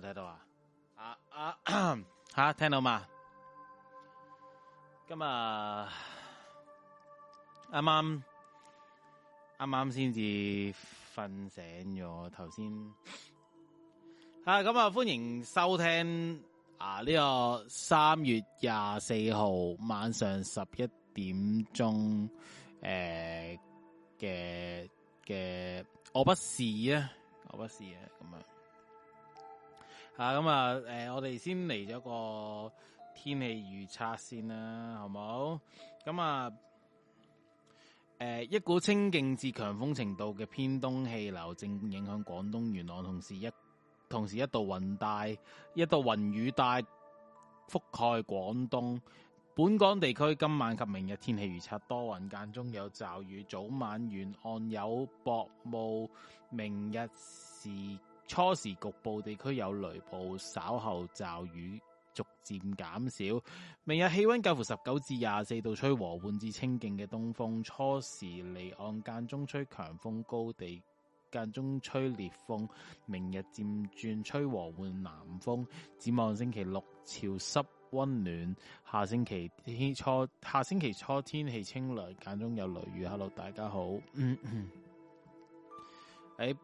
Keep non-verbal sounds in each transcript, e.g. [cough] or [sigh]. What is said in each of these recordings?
睇到啊，啊啊吓，聽到嘛？今日啱啱啱啱先至瞓醒咗，頭先啊，咁啊！歡迎收聽啊！呢個三月廿四號晚上十一點鐘誒嘅嘅，我不是啊，我不是啊，咁啊。啊，咁、嗯、啊，誒、嗯，我哋先嚟咗個天氣預測先啦，好唔好？咁、嗯、啊，誒、嗯，一股清勁至強風程度嘅偏東氣流正影響廣東沿岸，同時一同時一道雲帶、一道雲雨帶覆蓋廣東本港地區。今晚及明日天氣預測多雲間中有驟雨，早晚沿岸有薄霧，明日時。初時局部地區有雷暴，稍後驟雨逐漸減少。明日氣溫介乎十九至廿四度，吹和緩至清勁嘅東風。初時離岸間中吹強風，高地間中吹烈風。明日漸轉吹和緩南風。展望星期六潮濕溫暖，下星期初下星期初天氣清涼，間中有雷雨。Hello，大家好。喺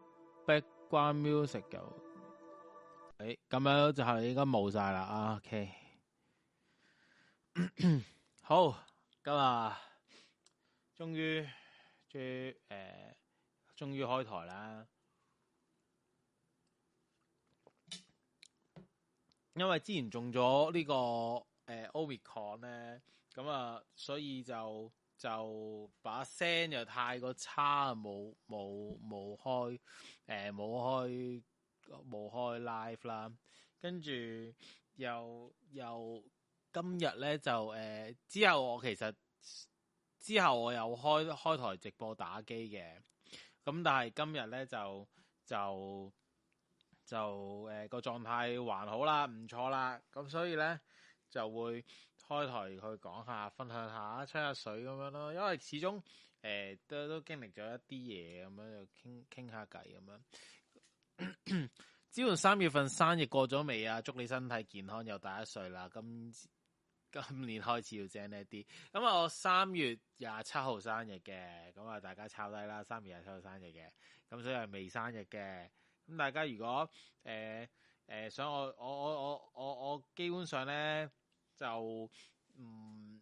北。關 music 嘅誒，咁、哎、樣就係應該冇晒啦。OK， [coughs] 好，今日終於，終誒，終於、呃、開台啦！因為之前中咗、這個呃、呢個誒 Omicron 咧，咁、呃、啊，所以就。就把聲又太過差，冇冇冇開，誒、呃、冇開冇開 live 啦，跟住又又今日呢，就誒、呃、之後我其實之後我有開開台直播打機嘅，咁但係今日呢，就就就誒個、呃、狀態還好啦，唔錯啦，咁所以呢，就會。開台去講下，分享下，吹下水咁樣咯。因為始終誒、呃、都都經歷咗一啲嘢咁樣，就傾傾下偈咁樣。咳咳，朝雲三月份生日過咗未啊？祝你身體健康，又大一歲啦！今今年開始要精叻一啲。咁我三月廿七號生日嘅，咁啊大家抄低啦。三月廿七號生日嘅，咁所以係未生日嘅。咁大家如果誒誒、呃呃、想我我我我我我基本上咧～就嗯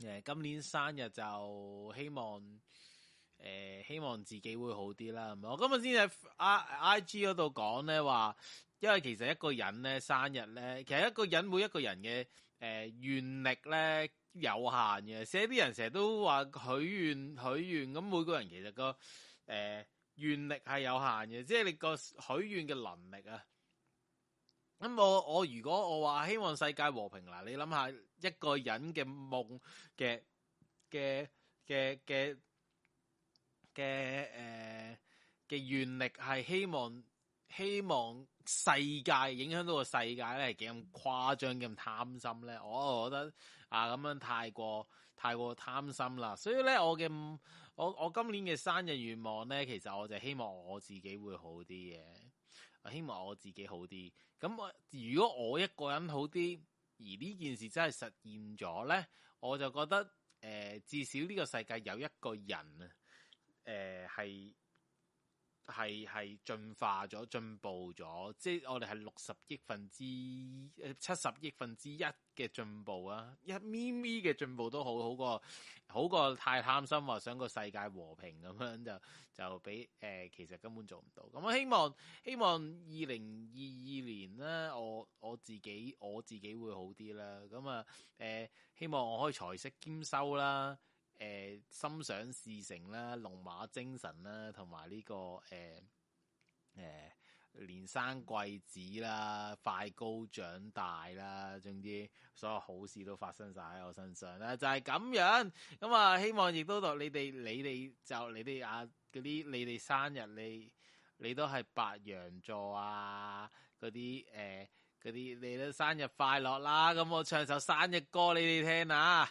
誒，今年生日就希望誒、呃，希望自己會好啲啦。我今日先喺 I I G 度講咧，話，因為其實一個人咧生日咧，其實一個人，每一個人嘅，誒願力咧有限嘅。所以啲人成日都話許願許願，咁每個人其實個誒願力係有限嘅，即係你個許願嘅能力啊。咁我，我如果我話希望世界和平嗱，你諗下一個人嘅夢嘅嘅嘅嘅嘅嘅誒嘅願力係希望希望世界影響到個世界咧，係幾咁誇張咁貪心咧？我我覺得啊咁樣太過太過貪心啦。所以咧，我嘅我我今年嘅生日願望咧，其實我就希望我自己會好啲嘅，希望我自己好啲。咁如果我一個人好啲，而呢件事真係實現咗呢，我就覺得、呃、至少呢個世界有一個人啊，呃、係。係係進化咗，進步咗，即係我哋係六十億分之誒七十億分之一嘅進步啊，一咪咪嘅進步都好好過好過太貪心話想個世界和平咁樣就就比誒、呃、其實根本做唔到，咁我希望希望二零二二年啦、啊，我我自己我自己會好啲啦，咁啊誒、呃、希望我可以財色兼收啦。誒、呃，心想事成啦，龍馬精神啦，同埋呢個誒誒、呃呃，連生貴子啦，快高長大啦，總之所有好事都發生晒喺我身上啦，就係、是、咁樣，咁啊，希望亦都同你哋，你哋就你哋啊，嗰啲你哋生日，你你都係白羊座啊，嗰啲誒，嗰、呃、啲你都生日快樂啦、啊，咁我唱首生日歌畀你哋聽啊。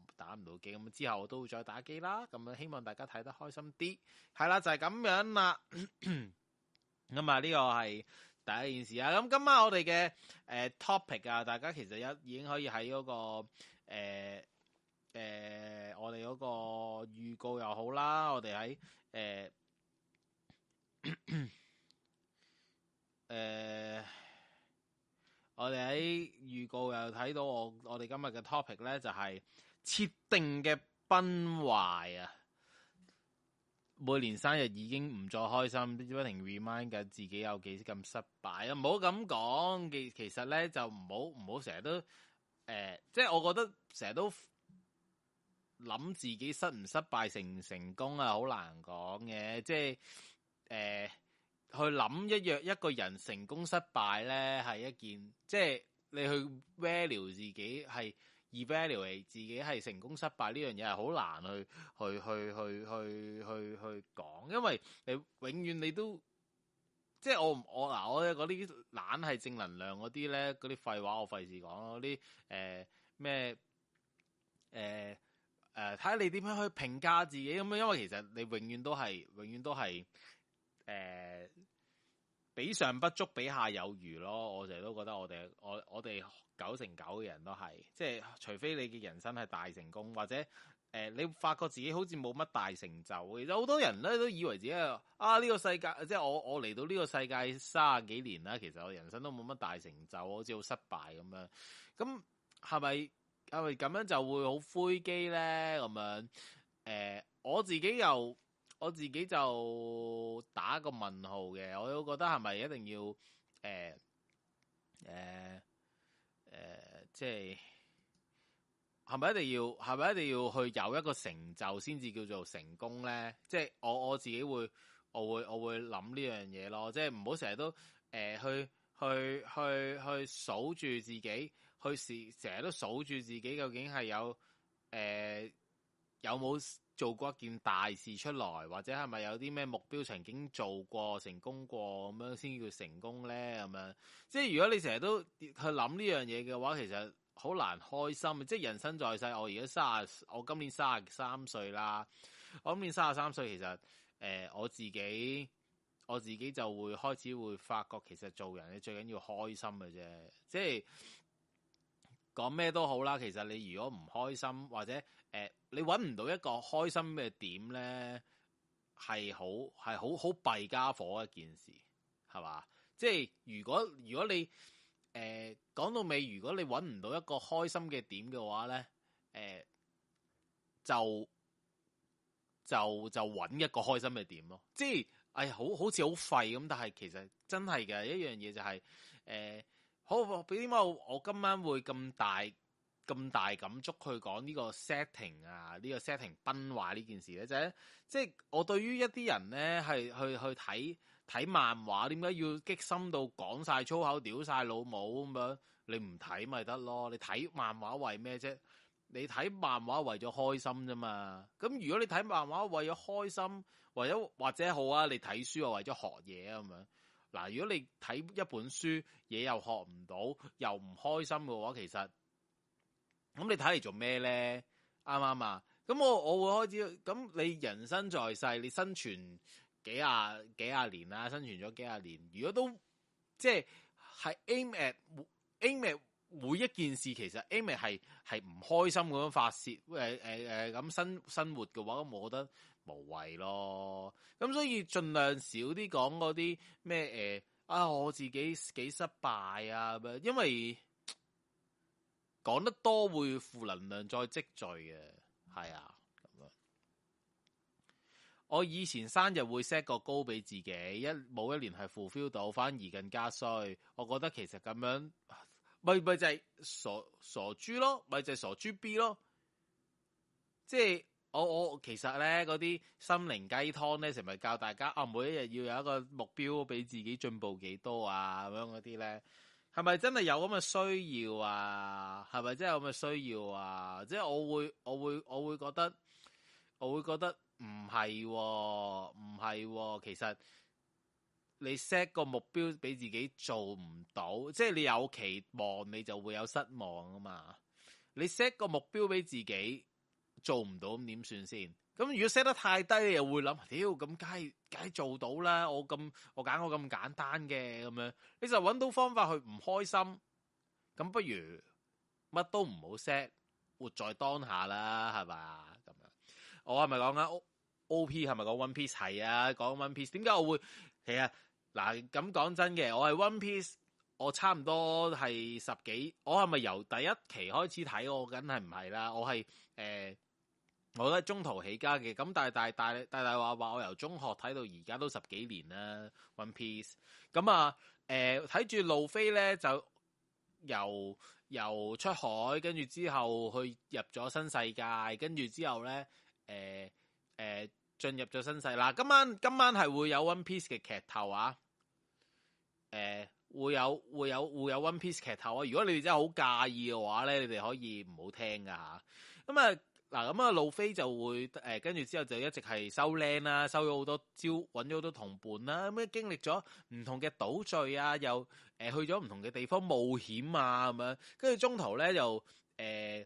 打唔到機，咁之後我都會再打機啦。咁希望大家睇得開心啲，係啦，就係咁樣啦。咁啊，呢 [coughs] 個係第一件事啊。咁今晚我哋嘅誒 topic 啊，大家其實有已經可以喺嗰個誒誒，我哋嗰個預告又好啦，我哋喺誒誒，我哋喺預告又睇到我我哋今日嘅 topic 咧，就係。設定嘅崩壞啊！每年生日已經唔再開心，不停 remind 緊自己有幾咁失敗啊！唔好咁講，其其實咧就唔好唔好成日都誒，即、欸、係、即係、我覺得成日都諗自己失唔失敗、成唔成功啊，好難講嘅。即係誒，去諗一樣一個人成功失敗咧，係一件即係、即係、你去 value 自己係。evaluate 自己係成功失敗呢樣嘢係好難去去去去去去去講，因為你永遠你都即係我我嗱我嗰啲懶係正能量啲咧啲廢話我費事講咯，啲誒咩誒誒睇下你點樣去評價自己咁樣，因為其實你永遠都係永遠都係誒。呃比上不足，比下有餘咯。我成日都覺得我哋，我我哋九成九嘅人都係，即係除非你嘅人生係大成功，或者、呃、你發覺自己好似冇乜大成就。其實好多人咧都以為自己啊呢個世界，即係我我嚟到呢個世界三十幾年啦，其實我人生都冇乜大成就，好似好失敗咁樣。咁係咪係咪咁樣就會好灰機呢？咁樣、呃、我自己又～我自己就打個問號嘅，我都覺得係咪一定要誒誒即係係咪一定要係咪一定要去有一個成就先至叫做成功呢？即係我我自己會，我會我會諗呢樣嘢咯，即係唔好成日都誒去去去去數住自己，去成日都數住自己究竟係有誒有冇？做過一件大事出來，或者係咪有啲咩目標曾經做過成功過咁樣先叫成功呢？咁樣即係如果你成日都去諗呢樣嘢嘅話，其實好難開心。即係人生在世，我而家三十，我今年三十三歲啦。我今年三十三歲，其實誒、呃，我自己我自己就會開始會發覺，其實做人你最緊要開心嘅啫。即係講咩都好啦，其實你如果唔開心或者，你揾唔到一個開心嘅點咧，係好係好好弊，傢伙一件事，係嘛？即係如果如果你誒講到尾，如果你揾唔、呃、到，到一個開心嘅點嘅話咧，誒、呃、就就就揾一個開心嘅點咯。即係哎好好似好廢咁，但係其實真係嘅一樣嘢就係、是、誒、呃、好，點解我我今晚會咁大，咁大感觸去講呢個 setting 啊，呢個 setting 崩壞呢件事咧，即係即係我對於一啲人呢，係去去睇睇漫畫，點解要激心到講晒粗口、屌晒老母咁樣？你唔睇咪得咯？你睇漫畫為咩啫？你睇漫畫為咗開心啫嘛。咁如果你睇漫畫為咗開心，為咗或者好啊，你睇書又為咗學嘢咁樣嗱。如果你睇一本書嘢又學唔到，又唔開心嘅話，其實～咁你睇嚟做咩咧？啱啱啊？咁我我會開始咁，你人生在世，你生存幾廿幾廿年啊，生存咗幾廿年，如果都即係係 aim at aim at 每一件事，其實 aim at 係係唔開心咁發泄，誒誒誒咁生生活嘅話，咁我覺得無謂咯。咁所以盡量少啲講嗰啲咩誒啊，我自己幾失敗啊因為。講得多會負能量再積聚嘅。係啊，咁樣，我以前生日會 set 個高俾自己，一冇一年係 fulfill 到，反而更加衰。我覺得其實咁樣，咪咪就係傻傻豬咯，咪就係傻豬 B 咯。即係我我其實呢嗰啲心靈雞湯呢，成日教大家啊，每一日要有一個目標俾自己進步幾多啊，咁樣嗰啲呢。係咪真係有咁嘅需要啊？係咪真係有咁嘅需要啊？即係我會我會我會覺得我會覺得唔係喎，唔係喎，其實你 set 個目標俾自己做唔到，即係你有期望你就會有失望啊嘛。你 set 個目標俾自己做唔到，咁點算先？咁如果 set 得太低，你又會諗，屌、哎，咁梗係梗係做到啦！我咁我揀我咁簡單嘅咁樣，你就揾到方法去唔開心。咁不如乜都唔好 set，活在當下啦，係嘛咁樣？我係咪講緊 OP？係咪講 One Piece？係啊，講 One Piece。點解我會係啊？嗱，咁講真嘅，我係 One Piece，我差唔多係十幾。我係咪由第一期開始睇？我梗係唔係啦，我係誒。欸我覺得中途起家嘅，咁大大大大大話話我由中學睇到而家都十幾年啦。One Piece 咁啊，誒睇住路飛咧就由由出海，跟住之後去入咗新世界，跟住之後咧，誒誒進入咗新世。啦今晚今晚係會有 One Piece 嘅劇透啊！誒、呃，會有會有會有 One Piece 劇透啊！如果你哋真係好介意嘅話咧，你哋可以唔好聽噶吓，咁啊。嗱咁啊，路飛就會誒，跟住之後就一直係收靚啦，收咗好多招，揾咗好多同伴啦，咁樣經歷咗唔同嘅島嶼啊，又誒去咗唔同嘅地方冒險啊，咁樣，跟住中途咧又誒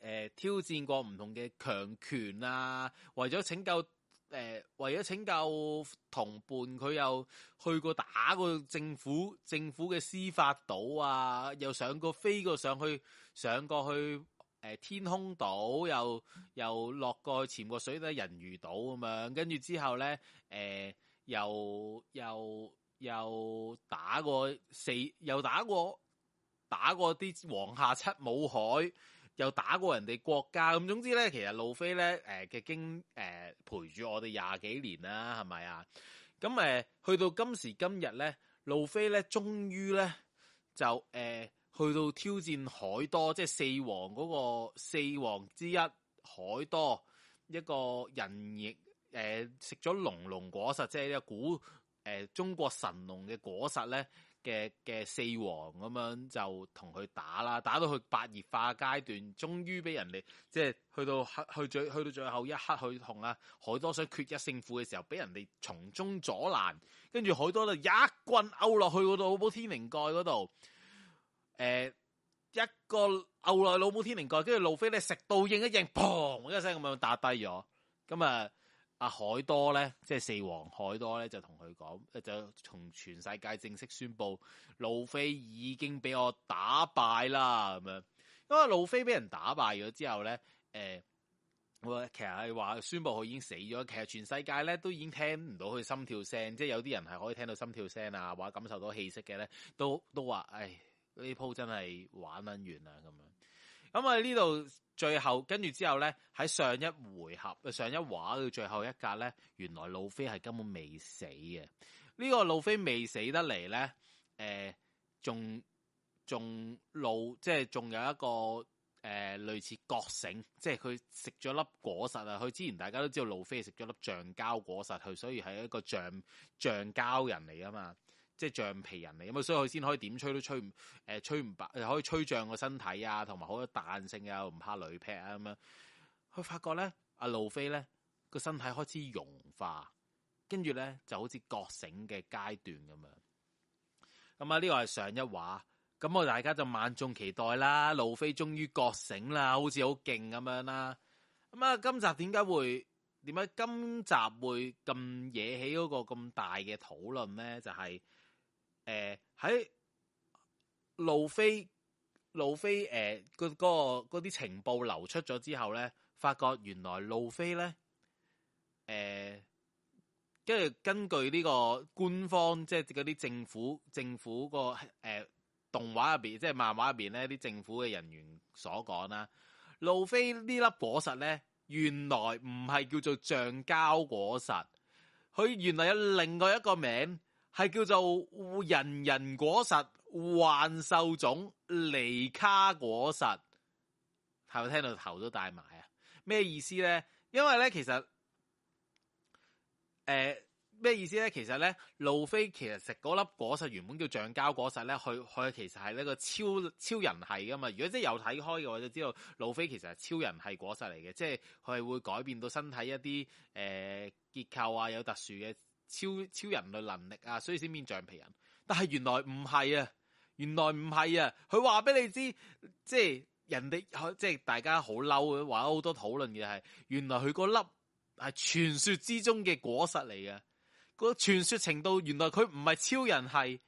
誒挑戰過唔同嘅強權啊，為咗拯救誒為咗拯救同伴，佢又去過打過政府，政府嘅司法島啊，又上過飛過上去，上過去。誒、呃，天空島又又落過潛過水底人魚島咁樣，跟住之後咧，誒、呃、又又又打過四，又打過打過啲王下七武海，又打過人哋國家。咁總之咧，其實路飛咧，誒、呃、嘅經誒、呃、陪住我哋廿幾年啦，係咪啊？咁誒、呃，去到今時今日咧，路飛咧終於咧就誒。呃去到挑戰海多，即係四王嗰個四王之一海多，一個人亦誒、呃、食咗龍龍果實，即係呢個古誒中國神龍嘅果實咧嘅嘅四王咁樣就同佢打啦，打到去白熱化階段，終於俾人哋即係去到去最去到最後一刻去同阿海多想決一勝負嘅時候，俾人哋從中阻攔，跟住海多就一棍勾落去嗰度，好天靈蓋嗰度。誒、呃，一個牛賴老母天靈蓋，跟住路飛咧食到應一應，砰一聲咁樣打低咗。咁、嗯、啊，阿海多咧，即係四王海多咧，就同佢講，就從全世界正式宣布路飛已經俾我打敗啦咁樣。因為路飛俾人打敗咗之後咧，誒、嗯，我其實係話宣布佢已經死咗。其實全世界咧都已經聽唔到佢心跳聲，即係有啲人係可以聽到心跳聲啊，或者感受到氣息嘅咧，都都話，唉。呢鋪真係玩得完啊。咁樣咁啊！呢度最後跟住之後呢，喺上一回合、上一話到最後一格呢，原來路飛係根本未死嘅。呢、這個路飛未死得嚟呢，仲仲露，即係仲有一個誒、呃、類似覺醒，即係佢食咗粒果實啊！佢之前大家都知道路飛係食咗粒橡膠果實，佢所以係一個橡橡膠人嚟㗎嘛。即係橡皮人嚟，咁啊，所以佢先可以點吹都吹唔誒、呃，吹唔白，可、呃、以吹脹個、呃、身體啊，同埋好多彈性啊，唔怕雷劈啊咁樣。佢發覺咧，阿路飛咧個身體開始融化，跟住咧就好似覺醒嘅階段咁樣。咁啊，呢、這個係上一話，咁我大家就萬眾期待啦。路飛終於覺醒啦，好似好勁咁樣啦。咁啊，今集點解會點解今集會咁惹起嗰個咁大嘅討論咧？就係、是。誒，喺路、呃、飛路飛誒，呃嗰個嗰啲情報流出咗之後咧，發覺原來路飛咧，誒、呃，跟住根據呢個官方，即係嗰啲政府政府、嗰個誒、呃、動畫入邊，即、就、係、係、漫畫入邊咧，啲政府嘅人員所講啦，路飛呢粒果實咧，原來唔係叫做橡膠果實，佢原來有另外一個名。係叫做人人果實、幻獸種、尼卡果實，係咪聽到頭都大埋啊？咩意思呢？因為呢，其實誒咩、呃、意思呢？其實呢，路飛其實食嗰粒果實原本叫橡膠果實呢，佢佢其實係呢個超超人系噶嘛。如果即係有睇開嘅話，就知道路飛其實係超人系果實嚟嘅，即係佢係會改變到身體一啲誒、呃、結構啊，有特殊嘅。超超人類能力啊，所以先變橡皮人。但係原來唔係啊，原來唔係啊。佢話俾你知，即係人哋即係大家好嬲嘅，話好多討論嘅係原來佢個粒係傳説之中嘅果實嚟嘅。個傳説程度原來佢唔係超人系，係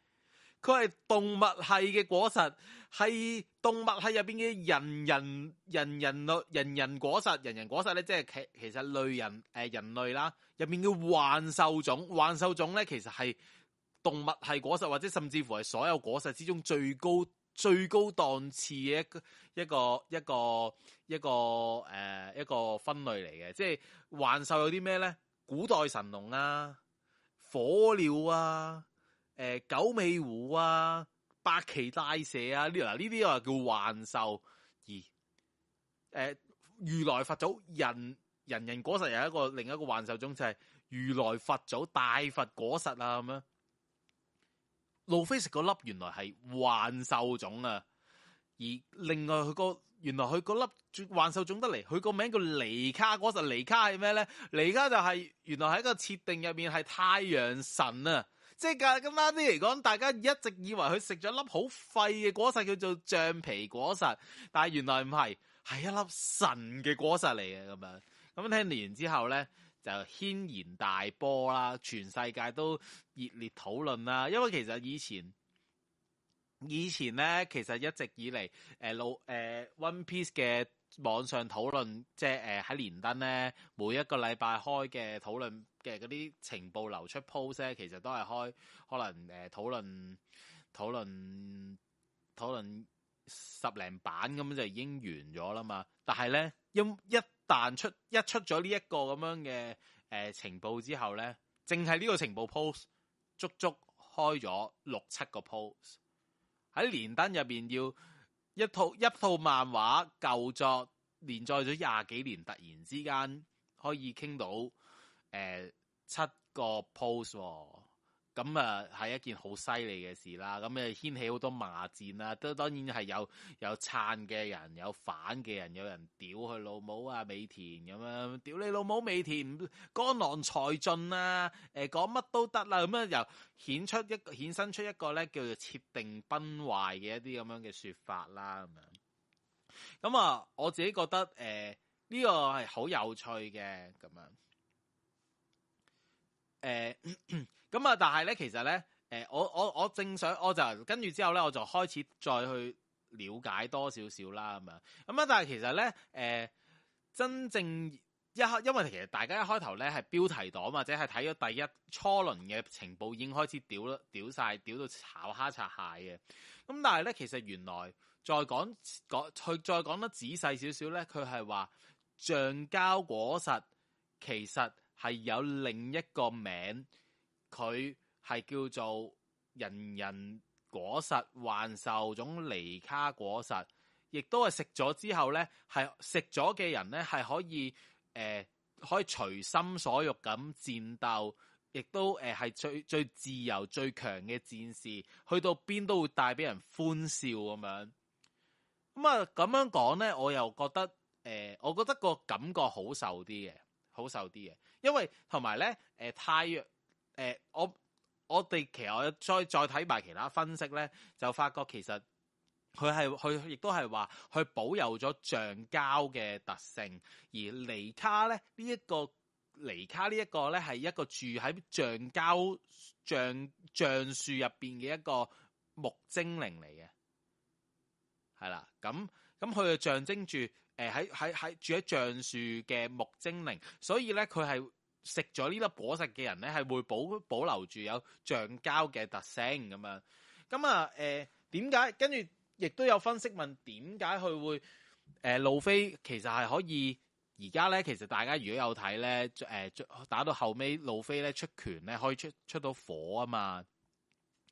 佢係動物系嘅果實。係動物系入邊嘅人人人人類人，人人果實人人果實咧，即係其其實類人誒、呃、人類啦。入邊嘅幻獸種幻獸種咧，其實係動物系果實或者甚至乎係所有果實之中最高最高檔次嘅一個一個一個一個誒一個分類嚟嘅。即係幻獸有啲咩咧？古代神龍啊，火鳥啊，誒、呃、九尾狐啊。百岐大蛇啊，呢嗱呢啲又係叫幻獸，而誒、呃、如來佛祖人人人果實又係一個另一個幻獸種就係、是、如來佛祖大佛果實啊咁樣，路飛食個粒原來係幻獸種啊，而另外佢個原來佢個粒幻獸種得嚟，佢個名叫尼卡果實，尼卡係咩咧？尼卡就係原來喺一個設定入面係太陽神啊。即刻今晚啲嚟講，大家一直以為佢食咗粒好廢嘅果實叫做橡皮果實，但係原來唔係，係一粒神嘅果實嚟嘅咁樣。咁聽完之後咧，就軒然大波啦，全世界都熱烈討論啦。因為其實以前以前咧，其實一直以嚟，誒老誒 One Piece 嘅網上討論，即係誒喺連登咧，每一個禮拜開嘅討論。嘅嗰啲情報流出 post 咧，其實都係開可能、呃、討論討論討論十零版咁就已經完咗啦嘛。但係咧，一一旦出一出咗呢一個咁樣嘅呃情報之後咧，淨係呢個情報 post 足足開咗六七個 post 喺連登入面，要一套一套漫畫舊作連載咗廿幾年，突然之間可以傾到。誒，七個 post 喎，咁啊，係一件好犀利嘅事啦。咁啊，掀起好多罵戰啦。都當然係有有撐嘅人，有反嘅人，有人屌佢老母啊，美田咁樣，屌你老母美田，江郎才盡啊，誒，講乜都得啦。咁樣又顯出一顯生出一個咧，叫做設定崩壞嘅一啲咁樣嘅說法啦。咁樣，咁啊，我自己覺得誒，呢個係好有趣嘅，咁樣。誒咁啊！但係咧，其實咧，誒我我我正想我就跟住之後咧，我就開始再去了解多少少啦咁樣。咁、嗯、啊，但係其實咧，誒、嗯、真正一開，因為其實大家一開頭咧係標題黨或者係睇咗第一初輪嘅情報已經開始屌啦，屌曬，屌到炒蝦擦蟹嘅。咁但係咧，其實原來再講講佢再，再講得仔細少少咧，佢係話橡膠果實其實。係有另一個名，佢係叫做人人果實幻獸種尼卡果實，亦都係食咗之後呢，係食咗嘅人呢，係可以誒、呃，可以隨心所欲咁戰鬥，亦都誒係最最自由最強嘅戰士，去到邊都會帶俾人歡笑咁樣。咁啊，咁樣講呢，我又覺得誒、呃，我覺得個感覺好受啲嘅。好受啲嘅，因為同埋咧，誒、呃、太陽，誒、呃、我我哋其實我再再睇埋其他分析咧，就發覺其實佢係佢亦都係話佢保有咗橡膠嘅特性，而尼卡咧呢一個尼卡呢一個咧係一個住喺橡膠橡橡樹入邊嘅一個木精靈嚟嘅。係啦，咁咁佢就象徵住，誒喺喺喺住喺橡樹嘅木精靈，所以咧佢係食咗呢粒果實嘅人咧係會保保留住有橡膠嘅特性咁樣。咁啊，誒點解？跟住亦都有分析問點解佢會，誒、呃、路飛其實係可以而家咧，其實大家如果有睇咧，誒打到後尾路飛咧出拳咧可以出可以出，出到火啊嘛。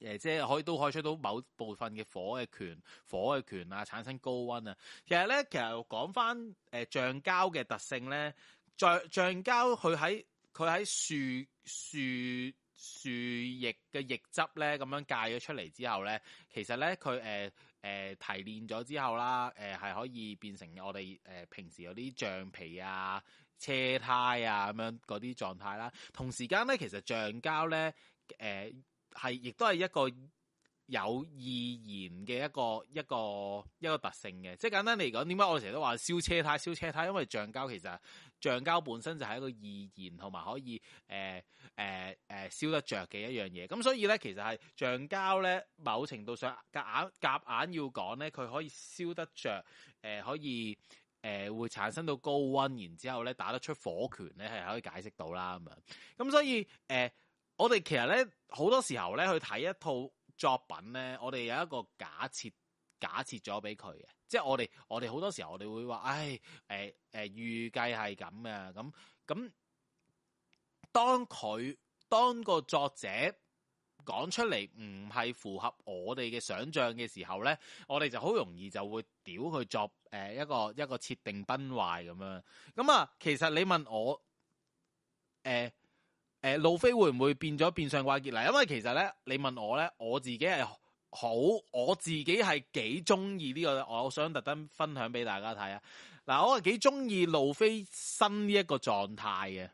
誒即係可以都可以出到某部分嘅火嘅拳，火嘅拳啊，產生高溫啊。其實咧，其實講返誒橡膠嘅特性咧，橡橡膠佢喺佢喺樹樹樹液嘅液汁咧，咁樣界咗出嚟之後咧，其實咧佢誒誒提煉咗之後啦，誒、呃、係可以變成我哋誒、呃、平時有啲橡皮啊、車胎啊咁樣嗰啲狀態啦。同時間咧，其實橡膠咧誒。呃係，亦都係一個有易燃嘅一個一個一個特性嘅。即係簡單嚟講，點解我成日都話燒車胎？燒車胎，因為橡膠其實橡膠本身就係一個易燃，同埋可以誒誒誒燒得着嘅一樣嘢。咁所以咧，其實係橡膠咧，某程度上夾硬夾硬要講咧，佢可以燒得着，誒、呃、可以誒、呃、會產生到高溫，然之後咧打得出火拳咧係可以解釋到啦。咁樣咁所以誒。呃我哋其實咧好多時候咧去睇一套作品咧，我哋有一個假設，假設咗俾佢嘅，即係我哋我哋好多時候我哋會話，唉、哎，誒、呃、誒、呃，預計係咁嘅，咁、嗯、咁、嗯，當佢當個作者講出嚟唔係符合我哋嘅想象嘅時候咧，我哋就好容易就會屌佢作，誒、呃、一個一個設定崩壞咁樣。咁、嗯、啊，其實你問我，誒、呃。誒、呃，路飛會唔會變咗變相怪傑啦？因為其實咧，你問我咧，我自己係好，我自己係幾中意呢個，我想特登分享俾大家睇啊。嗱，我係幾中意路飛新呢一個狀態嘅，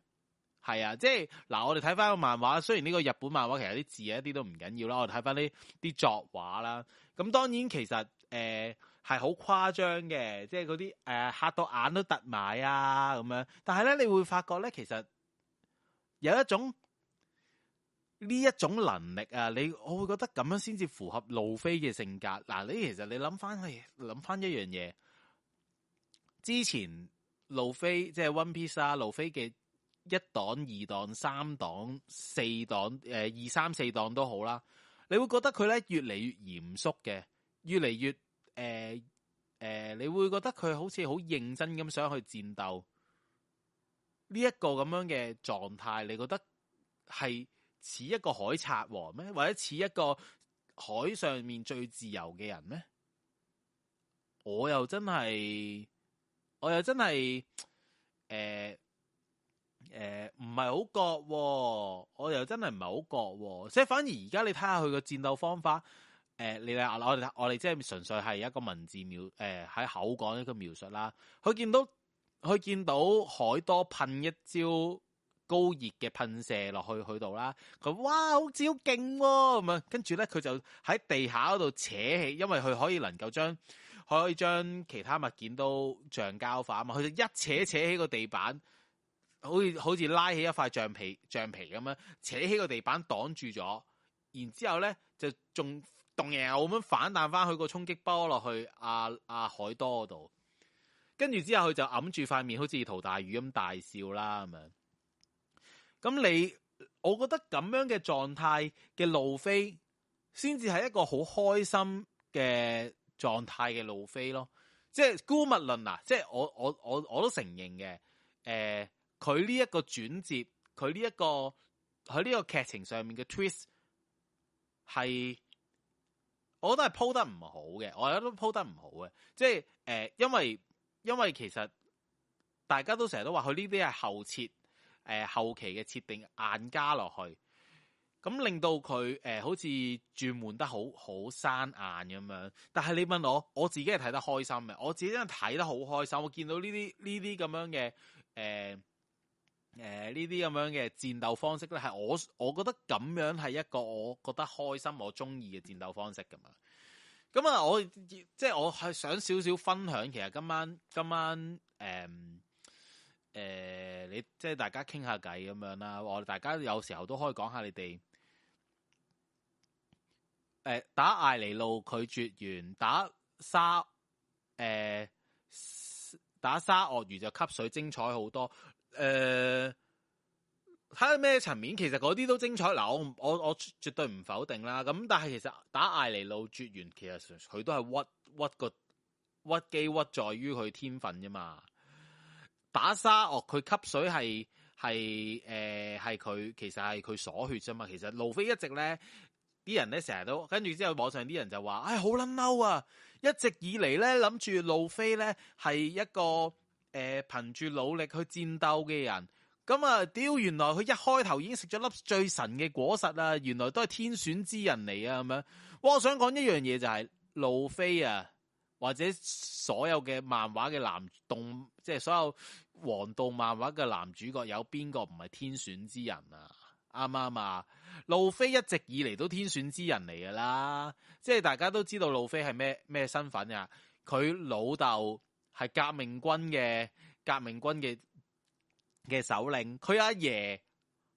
係啊，即係嗱，我哋睇翻個漫畫，雖然呢個日本漫畫其實啲字一啲都唔緊要啦，我哋睇翻呢啲作畫啦。咁當然其實誒係好誇張嘅，即係嗰啲誒吓到眼都突埋啊咁樣。但係咧你會發覺咧，其實。有一種呢一種能力啊，你我會覺得咁樣先至符合路飛嘅性格。嗱，你其實你諗翻，諗翻一樣嘢，之前路飛即係 One Piece 啊，路飛嘅一檔、二檔、三檔、四檔，誒、呃、二三四檔都好啦，你會覺得佢咧越嚟越嚴肅嘅，越嚟越誒誒、呃呃，你會覺得佢好似好認真咁想去戰鬥。呢一個咁樣嘅狀態，你覺得係似一個海賊王咩？或者似一個海上面最自由嘅人咩？我又真係，我又真係，誒、呃、誒，唔係好覺，我又真係唔係好覺，即係反而而家你睇下佢嘅戰鬥方法，誒、呃，你睇下我哋我哋即係純粹係一個文字描，誒、呃，喺口講一個描述啦，佢見到。佢見到海多噴一招高熱嘅噴射落去去度啦，佢哇好招勁，咁啊，跟住咧佢就喺地下嗰度扯起，因為佢可以能夠將可以將其他物件都橡膠化啊嘛，佢就一扯扯起個地板，好似好似拉起一塊橡皮橡皮咁樣扯起個地板擋住咗，然之後咧就仲動又咁樣反彈翻去個衝擊波落去阿阿海多嗰度。跟住之後佢就揞住塊面，好似陶大宇咁大笑啦咁樣。咁你，我覺得咁樣嘅狀態嘅路飛，先至係一個好開心嘅狀態嘅路飛咯。即係孤物論啊，即係我我我我都承認嘅。誒、呃，佢呢一個轉折，佢呢一個佢呢個劇情上面嘅 twist 係，我覺得係鋪得唔好嘅，我覺得鋪得唔好嘅。即係誒、呃，因為。因為其實大家都成日都話佢呢啲係後設誒、呃、後期嘅設定硬加落去，咁令到佢誒、呃、好似轉換得好好生硬咁樣。但係你問我，我自己係睇得開心嘅，我自己真係睇得好開心。我見到呢啲呢啲咁樣嘅誒誒呢啲咁樣嘅戰鬥方式咧，係我我覺得咁樣係一個我覺得開心我中意嘅戰鬥方式咁樣。咁啊！我即係我係想少少分享，其實今晚今晚誒誒、呃呃，你即係大家傾下偈咁樣啦。我哋大家有時候都可以講下你哋誒、呃、打艾尼路拒絕完打沙誒、呃、打沙鰐魚就吸水精彩好多誒。呃睇下咩層面，其實嗰啲都精彩。嗱，我我我絕對唔否定啦。咁但係其實打艾尼路絕緣，其實佢都係屈屈個屈機屈在於佢天分啫嘛。打沙鱷，佢吸水係係誒係佢，其實係佢鎖血啫嘛。其實路飛一直咧，啲人咧成日都跟住之後網上啲人就話，哎，好捻嬲啊！一直以嚟咧諗住路飛咧係一個誒憑住努力去戰鬥嘅人。咁啊！屌，原來佢一開頭已經食咗粒最神嘅果實啦，原來都係天選之人嚟啊！咁樣，我想講一樣嘢就係、是、路飛啊，或者所有嘅漫畫嘅男動，即、就、係、是、所有王道漫畫嘅男主角，有邊個唔係天選之人啊？啱唔啱啊？路飛一直以嚟都天選之人嚟噶啦，即係大家都知道路飛係咩咩身份呀、啊？佢老豆係革命軍嘅革命軍嘅嘅首領，佢阿爺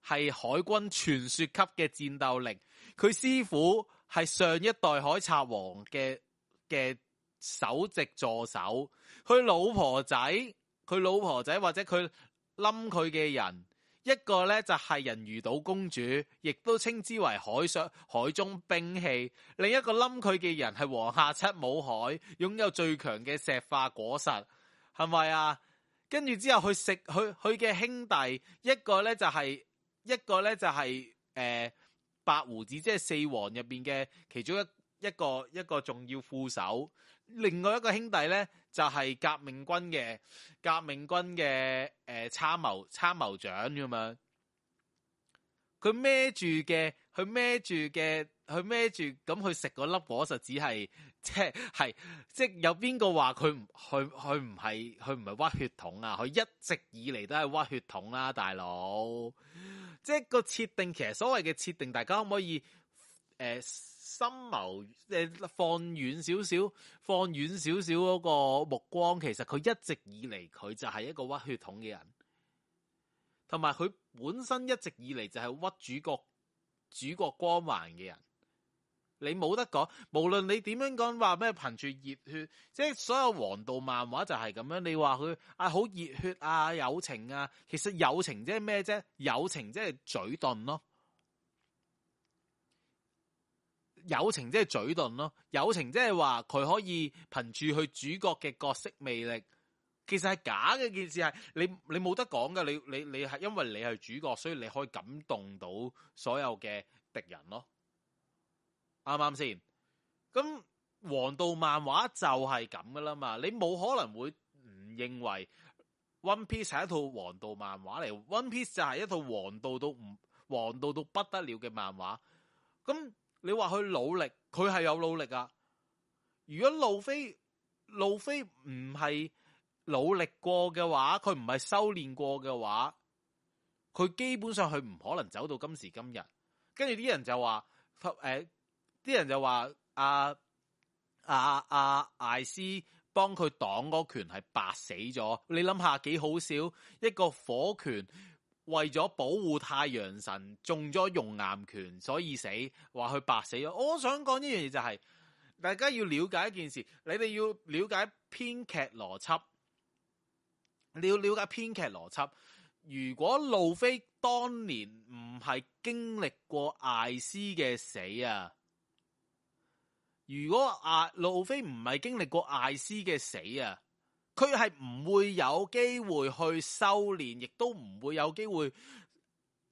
係海軍傳說級嘅戰鬥力，佢師傅係上一代海賊王嘅嘅首席助手，佢老婆仔，佢老婆仔或者佢冧佢嘅人，一個呢就係人魚島公主，亦都稱之為海上海中兵器，另一個冧佢嘅人係王下七武海，擁有最強嘅石化果實，係咪啊？跟住之後佢食佢佢嘅兄弟一個呢就係一個呢就係誒白胡子，即係四王入邊嘅其中一一個一個重要副手。另外一個兄弟呢就係革命軍嘅革命軍嘅誒參謀參謀長咁樣。佢孭住嘅。佢孭住嘅，佢孭住咁，佢食個粒果實就只係，即係，即係有邊個話佢唔，佢佢唔係，佢唔係屈血統啊！佢一直以嚟都係屈血統啦，啊，大佬。即係個設定，其實所謂嘅設定，大家可唔可以誒、呃、深謀，誒放遠少少，放遠少少嗰個目光，其實佢一直以嚟佢就係一個屈血統嘅人，同埋佢本身一直以嚟就係屈主角。主角光環嘅人，你冇得講，無論你點樣講話咩，憑住熱血，即係所有王道漫畫就係咁樣。你話佢啊好熱血啊友情啊，其實友情即係咩啫？友情即係嘴遁咯，友情即係嘴遁咯，友情即係話佢可以憑住佢主角嘅角色魅力。其實係假嘅件事係你你冇得講噶，你你你係因為你係主角，所以你可以感動到所有嘅敵人咯，啱唔啱先？咁王道漫畫就係咁噶啦嘛，你冇可能會唔認為《One Piece》係一套王道漫畫嚟，《One Piece》就係一套王道到唔王道到不得了嘅漫畫。咁你話佢努力，佢係有努力啊。如果路飛路飛唔係。努力過嘅話，佢唔係修煉過嘅話，佢基本上佢唔可能走到今時今日。跟住啲人就話，誒、啊，啲人就話阿阿阿艾斯幫佢擋個拳係白死咗。你諗下幾好笑？一個火拳為咗保護太陽神中咗熔岩拳，所以死，話佢白死咗。我想講呢樣嘢就係、是，大家要了解一件事，你哋要了解編劇邏輯。你要了解編劇邏輯。如果路飛當年唔係經歷過艾斯嘅死啊，如果阿路飛唔係經歷過艾斯嘅死啊，佢係唔會有機會去修煉，亦都唔會有機會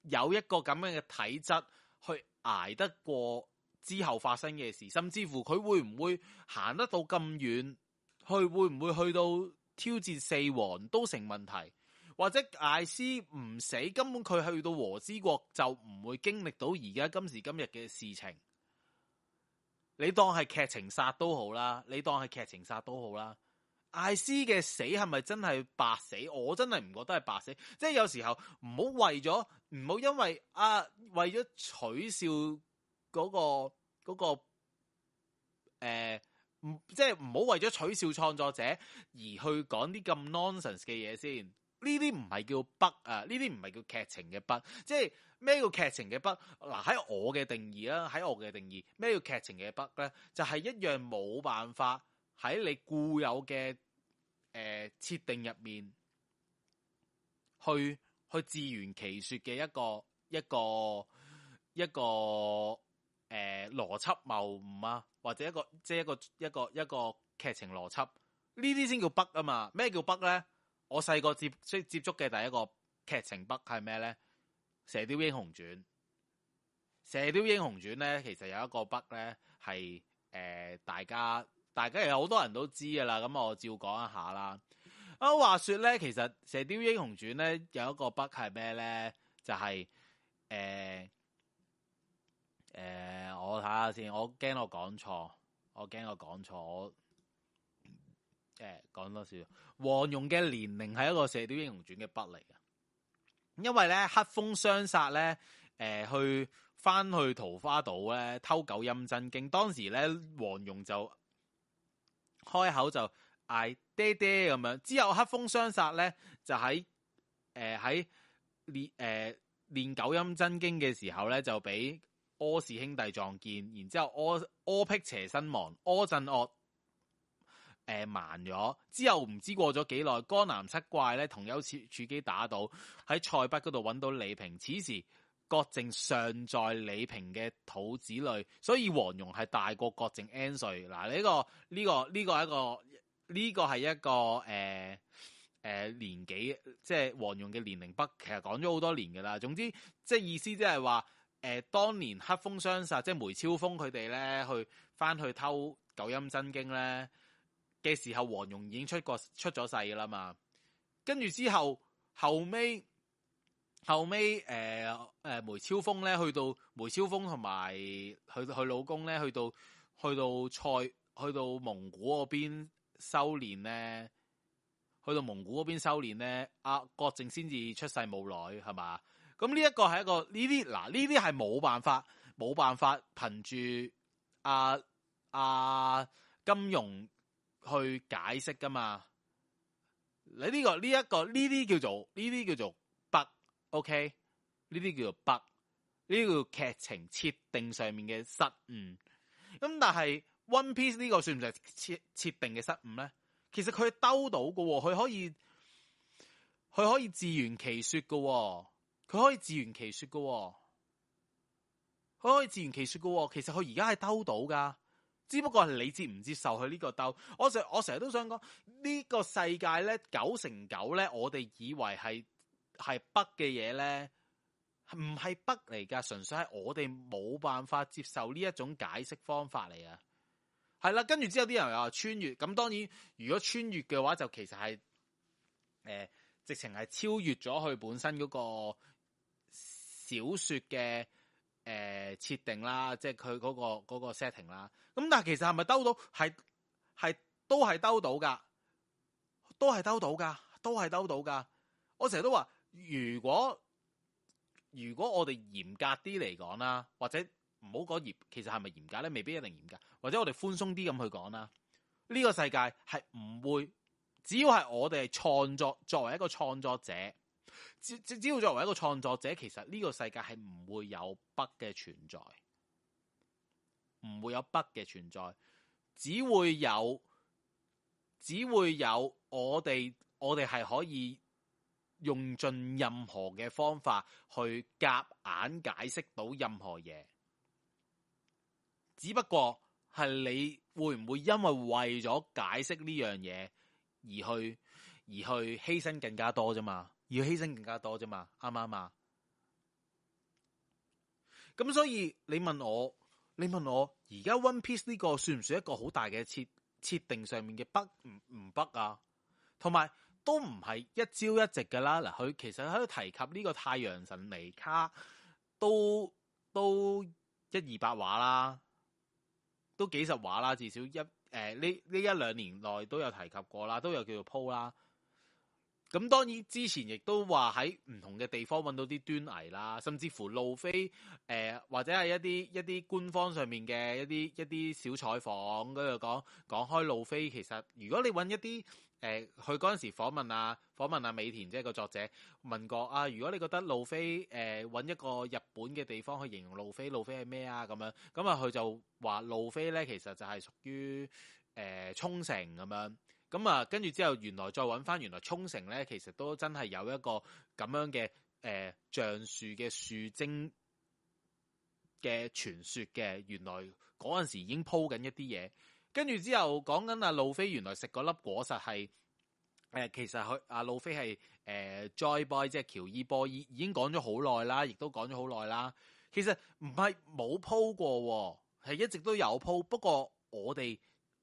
有一個咁樣嘅體質去捱得過之後發生嘅事，甚至乎佢會唔會行得到咁遠，佢會唔會去到？挑戰四皇都成問題，或者艾斯唔死，根本佢去到和之國就唔會經歷到而家今時今日嘅事情。你當係劇情殺都好啦，你當係劇情殺都好啦。艾斯嘅死係咪真係白死？我真係唔覺得係白死。即係有時候唔好為咗，唔好因為啊，為咗取笑嗰、嗰個、嗰個誒。欸，即係唔好為咗取笑創作者而去講啲咁 nonsense 嘅嘢先，呢啲唔係叫 bug 啊，呢啲唔係叫劇情嘅 bug，啊。即係咩叫劇情嘅 bug？嗱喺我嘅定義啦，啊，喺我嘅定義，咩叫劇情嘅 bug 呢？就係、是、一樣冇辦法喺你固有嘅誒設定入面去去自圓其說嘅一個一個一個。一個一個誒，邏輯謬誤啊，或者一個即係一個一個一個劇情邏輯，呢啲先叫 bug 啊嘛？咩叫 bug 呢？我細個接接接觸嘅第一個劇情 bug 係咩呢？《射鵰英雄傳》《射鵰英雄傳》呢，其實有一個 bug 呢，係誒、呃，大家大家有好多人都知噶啦，咁我照講一下啦。啊，話說咧，其實《射鵰英雄傳》呢，有一個 bug 係咩呢？就係、是、誒。呃誒，我睇下先。我驚我講錯，我驚我講錯。我誒講多少？黃蓉嘅年齡係一個《射鵰英雄傳》嘅筆嚟嘅，因為咧黑風雙煞咧，誒、呃、去返去桃花島咧偷九陰真經。當時咧黃蓉就開口就嗌爹爹咁樣。之後黑風雙煞咧就喺誒喺練誒、呃、練九陰真經嘅時候咧就俾。柯氏兄弟撞見，然之後柯柯辟邪身亡，柯震惡誒盲咗。之後唔知過咗幾耐，江南七怪咧同丘處處機打到喺塞北嗰度揾到李平。此時郭靖尚在李平嘅肚子裏，所以黃蓉係大過郭靖 n 歲。嗱、呢、呢個呢、呢個呢、呢個、呢個呢個、一個呢個係一個誒誒年紀，即係黃蓉嘅年齡。不其實講咗好多年噶啦。總之即係意思即係話。誒、呃，當年黑風雙煞即係梅超風佢哋咧去翻去偷《九陰真經》呢咧嘅時候，黃蓉已經出個出咗世啦嘛。跟住之後，後尾後尾誒誒梅超風咧去到梅超風同埋佢佢老公咧去到去到塞去到蒙古嗰邊修煉咧，去到蒙古嗰邊修煉咧，阿、啊、郭靖先至出世冇耐係嘛。咁呢一個係一個呢啲，嗱，呢啲係冇辦法冇辦法憑住啊啊金融去解釋噶嘛？你呢個呢一個呢啲叫做呢啲叫做 bug OK，呢啲叫做 bug，呢啲叫劇情設定上面嘅失誤。咁但係 One Piece 呢個算唔算設設定嘅失誤咧？其實佢兜到喎，佢可以佢可以自圓其說喎。佢可、哦、可以自圓其說嘅，佢可以自圓其說嘅。其實佢而家係兜到噶只不過係你接唔接受佢呢個兜。我成我成日都想講呢、呢個世界咧，九成九咧，我哋以為係係北嘅嘢咧，唔係北嚟噶純粹係我哋冇辦法接受呢一種解釋方法嚟啊。係啦，跟住之後啲人又話穿越，咁當然如果穿越嘅話，就其實係誒、呃、直情係超越咗佢本身嗰、嗰個小說嘅誒設定啦，即係佢嗰個嗰個 setting 啦。咁但係其實係咪兜到？係係都係兜到噶，都係兜到噶，都係兜到噶。我成日都話，如果如果我哋嚴格啲嚟講啦，或者唔好講嚴，其實係咪嚴格咧？未必一定嚴格。或者我哋寬鬆啲咁去講啦。呢個世界係唔會，只要係我哋創作，作為一個創作者。只只要作為一個創作者，其實呢個世界係唔會有 bug 嘅存在，唔會有 bug 嘅存在，只會有只會有我哋我哋係可以用盡任何嘅方法去夾硬解釋到任何嘢，只不過係你會唔會因為為咗解釋呢樣嘢而去而去犧牲更加多啫嘛？要犧牲更加多啫嘛，啱唔啱嘛？咁所以你問我，你問我而家 One Piece 呢個算唔算一個好大嘅設設定上面嘅北唔唔北啊？同埋都唔係一朝一夕噶啦，嗱佢其實喺度提及呢個太陽神尼卡都都一二百話啦，都幾十話啦，至少一誒呢呢一兩年內都有提及過啦，都有叫做鋪啦。咁當然之前亦都話喺唔同嘅地方揾到啲端倪啦，甚至乎路飛誒、呃、或者係一啲一啲官方上面嘅一啲一啲小採訪，跟住講講開路飛其實，如果你揾一啲誒，佢嗰陣時訪問啊，訪問啊美田即係個作者問過啊，如果你覺得路飛誒揾一個日本嘅地方去形容路飛，路飛係咩啊咁樣，咁啊佢就話路飛呢，其實就係屬於誒、呃、沖繩咁樣。咁啊、嗯，跟住之後，原來再揾翻原來沖繩咧，其實都真係有一個咁樣嘅誒橡樹嘅樹精嘅傳說嘅。原來嗰陣時已經鋪緊一啲嘢，跟住之後講緊阿路飛原來食嗰粒果實係、呃、其實佢、啊、阿路飛係誒、呃、Joy Boy，即係喬伊波已已經講咗好耐啦，亦都講咗好耐啦。其實唔係冇鋪過，係一直都有鋪，不過我哋。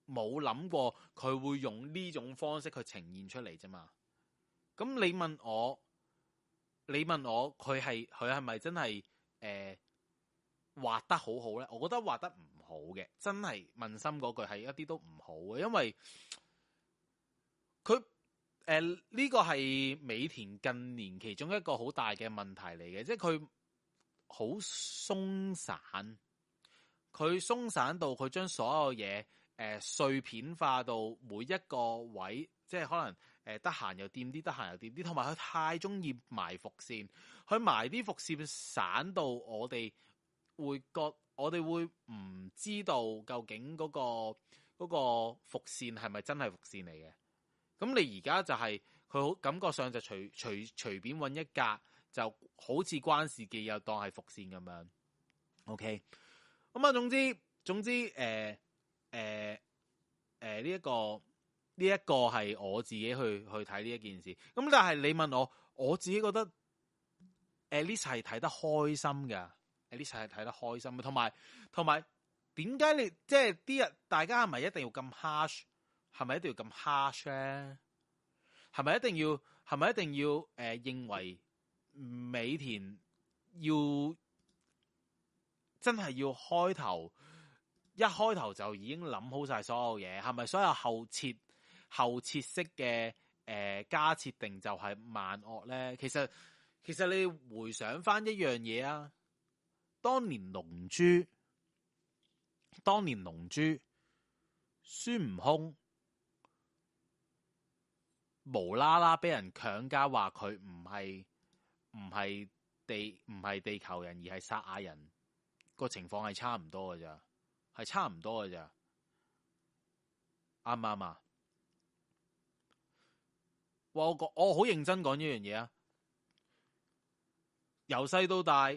冇諗過佢會用呢種方式去呈現出嚟啫嘛，咁你問我，你問我佢係佢係咪真係誒、呃、畫得好好呢？我覺得畫得唔好嘅，真係問心嗰句係一啲都唔好嘅，因為佢誒呢個係美田近年其中一個好大嘅問題嚟嘅，即係佢好鬆散，佢鬆散到佢將所有嘢。呃、碎片化到每一個位，即係可能誒、呃，得閒又掂啲，得閒又掂啲，同埋佢太中意埋伏線，佢埋啲伏線散到我哋會覺，我哋會唔知道究竟嗰、嗰個、嗰個伏線係咪真係伏線嚟嘅？咁你而家就係佢好感覺上就隨隨隨便揾一格就好似關事嘅，又當係伏線咁樣。OK，咁啊，總之總之誒。呃誒誒，呢一、呃呃這個呢一、這個係我自己去去睇呢一件事，咁、嗯、但係你問我，我自己覺得誒 Lisa 係睇得開心噶，Lisa 係睇得開心的，同埋同埋點解你即係啲人大家係咪一定要咁 harsh，係咪一定要咁 harsh 咧？係咪一定要係咪一定要誒、呃、認為美田要真係要開頭？一開頭就已經諗好晒所有嘢，係咪所有後設後設式嘅誒、呃、加設定就係萬惡呢？其實其實你回想翻一樣嘢啊，當年龍珠，當年龍珠，孫悟空無啦啦俾人強加話佢唔係唔係地唔係地球人，而係撒亞人，個情況係差唔多㗎咋。係差唔多嘅啫，啱唔啱啊？我好認真講呢樣嘢啊！由細到大，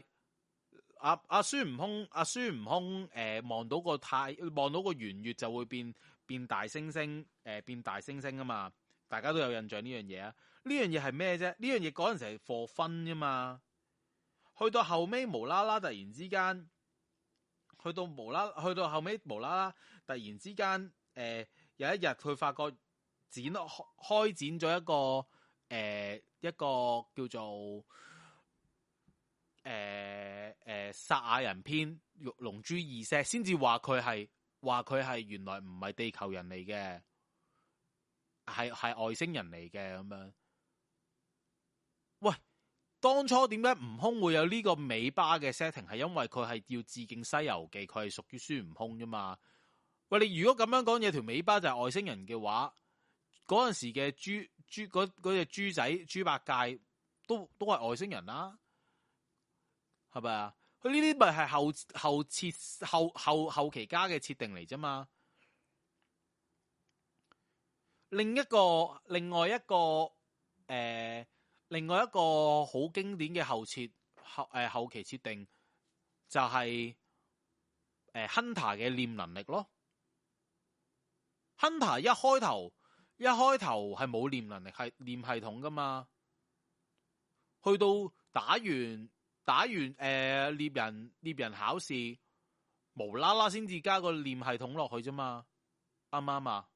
阿阿孫悟空，阿孫悟空，誒、啊，望到個太望到個圓月就會變變大猩猩，誒、呃，變大猩猩啊嘛！大家都有印象呢樣嘢啊！這件事是什麼，呢樣嘢係咩啫？呢樣嘢嗰陣時係 for fun 噶嘛？去到後尾無啦啦，突然之間。去到無啦，去到後尾無啦啦，突然之間，誒、呃，有一日佢發覺展開展咗一個，誒、呃，一個叫做，誒、呃、誒，薩亞人篇《玉龍珠二世》才說他是，先至話佢係話佢係原來唔係地球人嚟嘅，係係外星人嚟嘅咁樣，喂。當初點解悟空會有呢個尾巴嘅 setting？係因為佢係要致敬西遊《西遊記》，佢係屬於孫悟空啫嘛。喂，你如果咁樣講，有條尾巴就係外星人嘅話，嗰陣時嘅豬豬嗰隻豬仔豬八戒都都係外星人啦，係咪啊？佢呢啲咪係後後設後後後期加嘅設定嚟啫嘛。另一個另外一個誒。欸另外一個好經典嘅後設後誒後期設定就係、是、誒 hunter 嘅念能力咯，hunter 一開頭老大一開頭係冇念能力係念系統噶嘛，去到打完打完誒獵人、呃、獵人考試，無啦啦先至加個念系統落去啫嘛，啱唔啱啊？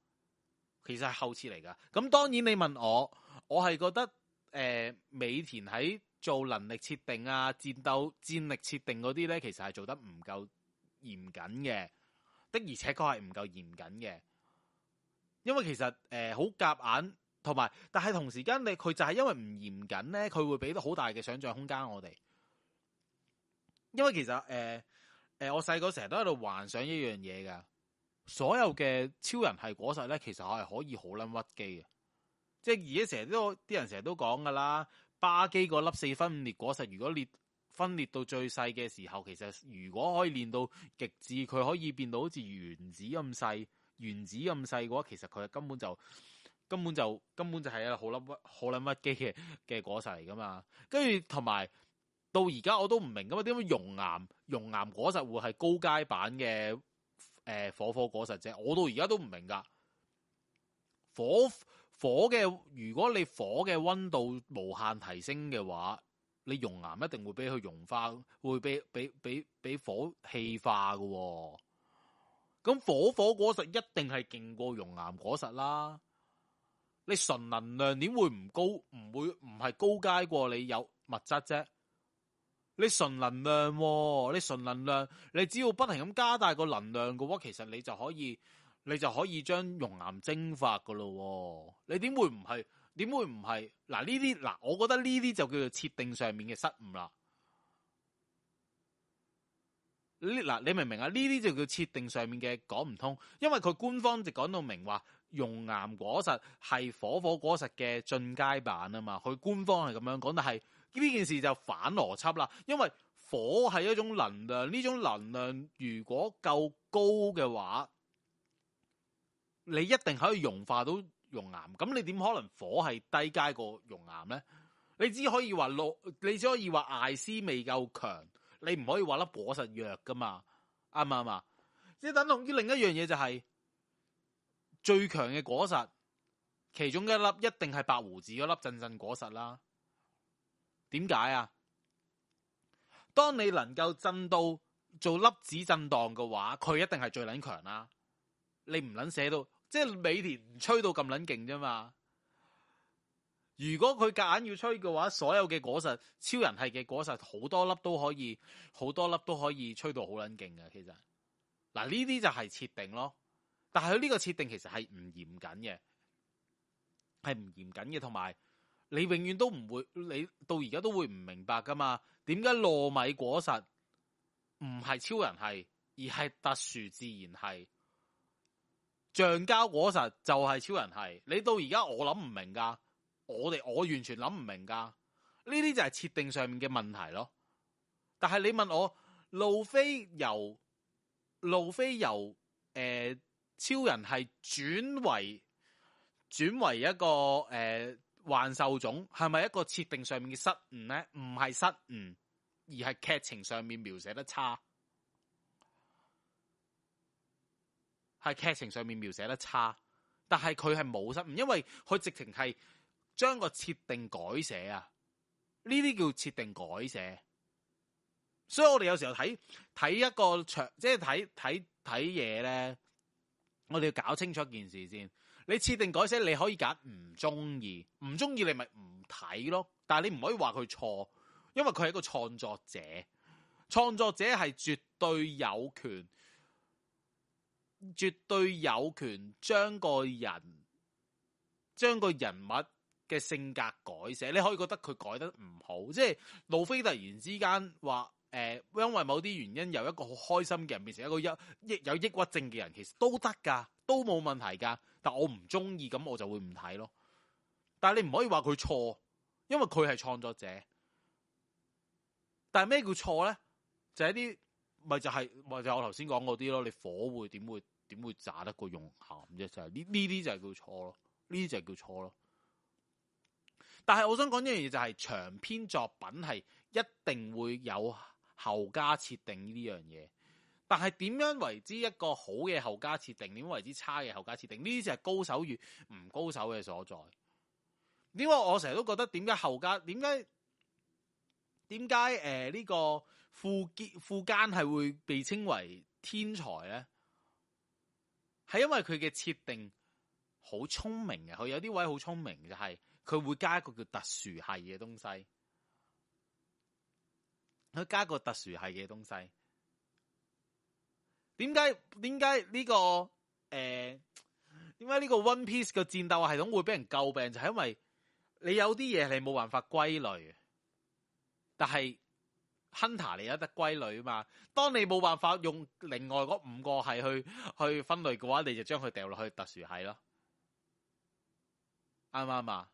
其實係後設嚟噶，咁當然你問我，我係覺得。誒、呃，美田喺做能力設定啊、戰鬥戰力設定嗰啲呢，其實係做得唔夠嚴謹嘅，的而且確係唔夠嚴謹嘅。因為其實誒好夾硬，同埋，但係同時間你佢就係因為唔嚴謹呢，佢會俾到好大嘅想象空間我哋。因為其實誒誒、呃，我細個成日都喺度幻想一樣嘢噶，所有嘅超人係果實呢，其實我係可以好捻屈機嘅。即係而家成日都有啲人成日都講噶啦，巴基嗰粒四分五裂果實，如果裂分裂到最細嘅時候，其實如果可以練到極致，佢可以變到好似原子咁細。原子咁細嘅話，其實佢根本就根本就根本就係啊好撚乜好撚屈機嘅嘅果實嚟噶嘛。跟住同埋到而家我都唔明咁啊，點解熔岩熔岩果實會係高階版嘅誒、呃、火火果實啫？我到而家都唔明噶火，火嘅如果你火嘅溫度無限提升嘅話，你熔岩一定會俾佢溶化，會俾俾俾俾火氣化㗎喎。咁火火果實一定係勁過熔岩果實啦。你純能量點會唔高？唔會唔係高階過你有物質啫。你純能量喎，你純能量，你只要不停咁加大個能量嘅話，其實你就可以。你就可以將熔岩蒸發噶咯。你點會唔係？點會唔係？嗱，呢啲嗱，我覺得呢啲就叫做設定上面嘅失誤啦。嗱，你明唔明啊？呢啲就叫設定上面嘅講唔通，因為佢官方就講到明話熔岩果實係火火果實嘅進階版啊嘛，佢官方係咁樣講，但係呢件事就反邏輯啦。因為火係一種能量，呢種能量如果夠高嘅話。你一定可以融化到熔岩，咁你點可能火係低階過熔岩咧？你只可以話落，你只可以話艾斯未夠強，你唔可以話粒果實弱噶嘛？啱唔啱嘛？即係等同於另一樣嘢，就是，就係最強嘅果實，其中一粒一定係白鬍子嗰粒震震果實啦。點解啊？當你能夠震到做粒子震盪嘅話，佢一定係最捻強啦。你唔捻寫到？即係美田吹到咁撚勁啫嘛！如果佢夾硬要吹嘅話，所有嘅果實、超人系嘅果實，好多粒都可以，好多粒都可以吹到好撚勁嘅。其實嗱呢啲就係設定咯。但係呢個設定其實係唔嚴謹嘅，係唔嚴謹嘅。同埋你永遠都唔會，你到而家都會唔明白噶嘛？點解糯米果實唔係超人系，而係特殊自然系？橡膠果實就係超人係，你到而家我諗唔明㗎，我哋我完全諗唔明㗎，呢啲就係設定上面嘅問題咯。但係你問我路飛由路飛由誒、欸、超人係轉為轉為一個誒、欸、幻獸種，係咪一個設定上面嘅失誤咧？唔係失誤，而係劇情上面描寫得差。係劇情上面描寫得差，但係佢係冇失誤，因為佢直情係將個設定改寫啊！呢啲叫設定改寫，所以我哋有時候睇睇一個場，即係睇睇睇嘢咧，我哋要搞清楚一件事先。你設定改寫，你可以揀唔中意，唔中意你咪唔睇咯。但係你唔可以話佢錯，因為佢係一個創作者，創作者係絕對有權。絕對有權將個人將個人物嘅性格改寫，你可以覺得佢改得唔好，即係路飛突然之間話，誒、呃，因為某啲原因由一個好開心嘅人變成一個有抑有抑鬱症嘅人，其實都得噶，都冇問題噶。但我唔中意，咁我就會唔睇咯。但係你唔可以話佢錯，因為佢係創作者。但係咩叫錯咧？就係、是、啲，咪就係、是、咪就我頭先講嗰啲咯。你火會點會？點會炸得過用咸啫？就係呢呢啲就係叫錯咯，呢啲就係叫錯咯。但係我想講一樣嘢就係長篇作品係一定會有後加設定呢樣嘢。但係點樣為之一個好嘅後加設定？點為之差嘅後加設定？呢啲就係高手與唔高手嘅所在。因為我成日都覺得點解後加？點解點解？誒，呢、呃這個富奸係會係會被稱為天才咧？係因為佢嘅設定好聰明嘅，佢有啲位好聰明嘅就係佢會加一個叫特殊係嘅東西，佢加個特殊係嘅東西。點解點解呢個誒？點解呢個 One Piece 嘅戰鬥系統會俾人詬病？就係因為你有啲嘢係冇辦法歸類，但係。Hunter 你有得歸類啊嘛，當你冇辦法用另外嗰五個系去去分類嘅話，你就將佢掉落去特殊系咯，啱唔啱啊？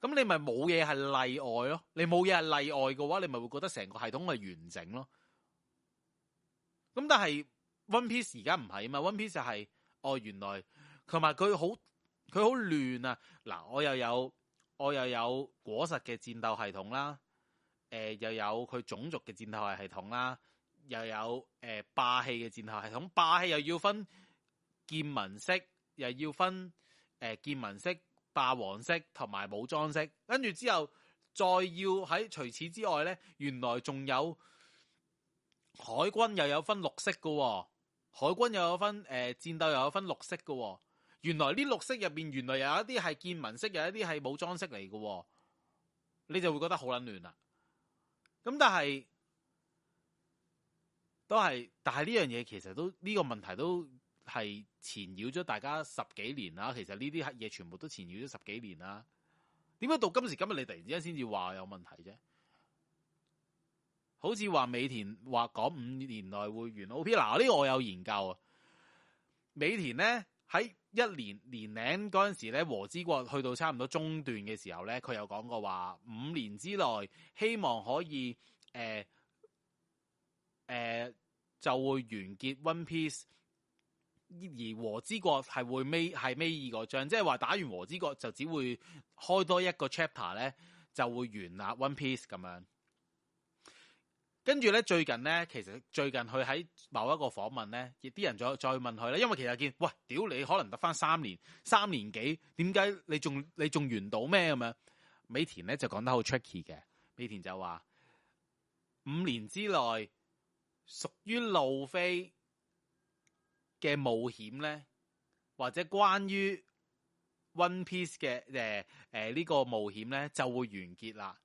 咁你咪冇嘢係例外咯，你冇嘢係例外嘅話，你咪會覺得成個系統係完整咯。咁但係《One Piece》而家唔係啊嘛，《One Piece》就係哦，原來同埋佢好佢好亂啊！嗱，我又有我又有果實嘅戰鬥系統啦。誒、呃，又有佢種族嘅戰鬥系統啦，又有誒、呃、霸氣嘅戰鬥系統，霸氣又要分見聞式，又要分誒、呃、見聞式、霸王式同埋武裝式，跟住之後再要喺除此之外呢，原來仲有海軍又有分綠色嘅、哦，海軍又有分誒、呃、戰鬥又有分綠色嘅、哦，原來呢綠色入邊原來有一啲係見聞式，有一啲係武裝式嚟嘅、哦，你就會覺得好捻亂啦。咁但係都係，但係呢樣嘢其實都呢、這個問題都係纏繞咗大家十幾年啦。其實呢啲黑嘢全部都纏繞咗十幾年啦。點解到今時今日你突然之間先至話有問題啫？好似話美田話講五年內會完 OK，嗱呢個我有研究啊。美田呢？喺一年年齡嗰陣時咧，和之國去到差唔多中段嘅時候咧，佢有講過話五年之內希望可以誒誒、呃呃、就會完結 One Piece，而和之國係會尾係尾二個章，即係話打完和之國就只會開多一個 chapter 咧就會完啦 One Piece 咁樣。跟住咧，最近咧，其實最近佢喺某一個訪問咧，亦啲人再再去問佢咧，因為其實見，喂，屌你可能得翻三年、三年幾，點解你仲你仲完到咩咁樣，美田咧就講得好 tricky 嘅，美田就話五年之內屬於路飛嘅冒險咧，或者關於 One Piece 嘅誒誒呢個冒險咧，就會完結啦。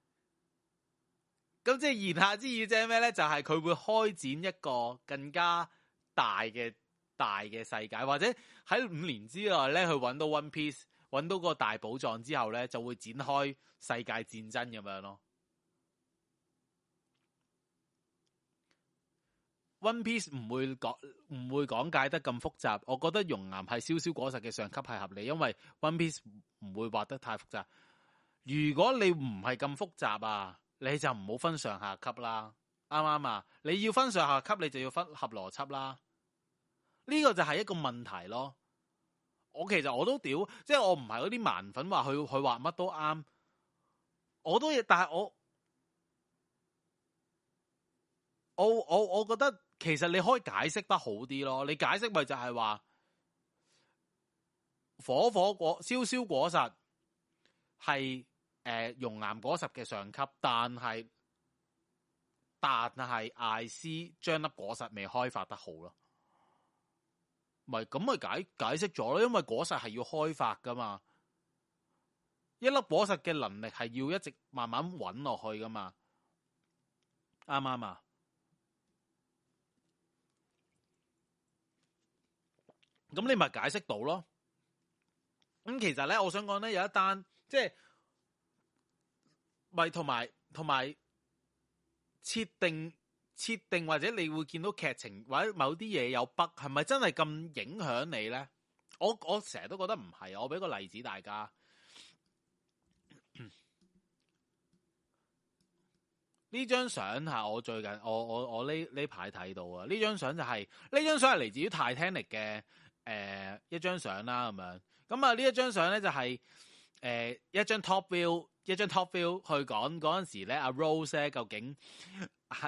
咁即係言下之意，即係咩咧？就係佢會開展一個更加大嘅大嘅世界，或者喺五年之內咧，佢搵到 One Piece，搵到個大寶藏之後咧，就會展開世界戰爭咁樣咯。One Piece 唔會講唔會講解得咁複雜。我覺得熔岩係燒燒果實嘅上級係合理，因為 One Piece 唔會畫得太複雜。如果你唔係咁複雜啊？你就唔好分上下級啦，啱唔啱啊？你要分上下級，你就要分合邏輯啦。呢個就係一個問題咯。我其實我都屌，即係我唔係嗰啲盲粉，話佢佢話乜都啱。我都，但係我我我我覺得，其實你可以解釋得好啲咯。你解釋咪就係話火火果燒燒果實係。誒，熔岩、呃、果實嘅上級，但係但係艾斯將粒果實未開發得好咯，咪咁咪解解釋咗咯，因為果實係要開發噶嘛，一粒果實嘅能力係要一直慢慢揾落去噶嘛，啱唔啱啊？咁你咪解釋到咯，咁、嗯、其實咧，我想講咧有一單即係。唔係同埋同埋設定設定或者你會見到劇情或者某啲嘢有 bug，係咪真係咁影響你呢？我我成日都覺得唔係。我俾個例子大家，呢張相係我最近我我我呢呢排睇到啊。呢張相就係呢張相係嚟自於泰坦尼克嘅誒一張相啦咁樣。咁啊呢一張相呢就係、是、誒、呃、一張 Top View。一張 top view 去講嗰陣時咧，阿 Rose 咧究竟，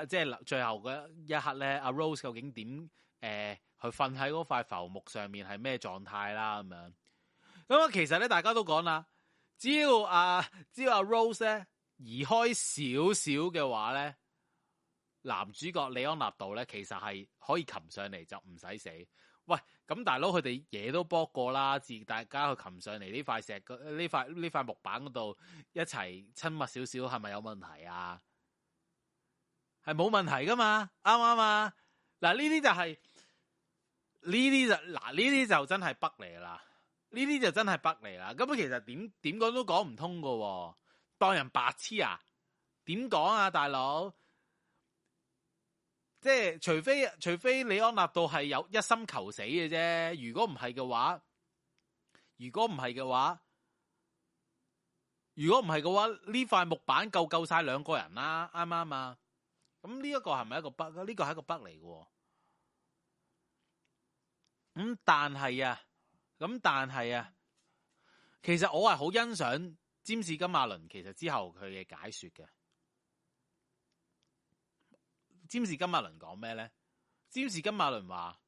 即係最後嘅一刻咧，阿 Rose 究竟點誒去瞓喺嗰塊浮木上面係咩狀態啦？咁樣咁啊，其實咧大家都講啦，只要阿只要阿 Rose 咧移開少少嘅話咧，男主角李安納度咧其實係可以擒上嚟，就唔使死。喂，咁大佬佢哋嘢都搏過啦，自大家去擒上嚟呢塊石呢塊呢塊木板嗰度一齊親密少少，係咪有問題啊？係冇問題噶嘛，啱啱啊？嗱呢啲就係呢啲就嗱呢啲就真係北嚟啦，呢啲就真係北嚟啦。咁其實點點講都講唔通喎，啊，當人白痴啊？點講啊，大佬？即係除非除非李安納到係有一心求死嘅啫，如果唔係嘅話，如果唔係嘅話，如果唔係嘅話，呢塊木板夠夠晒兩個人啦，啱唔啱啊？咁呢一個係咪，這個，一個筆？呢，這個係一個筆嚟嘅？咁，嗯、但係啊，咁但係啊，其實我係好欣賞詹士金馬倫，其實之後佢嘅解說嘅。占士金馬倫講咩咧？占士金馬倫話：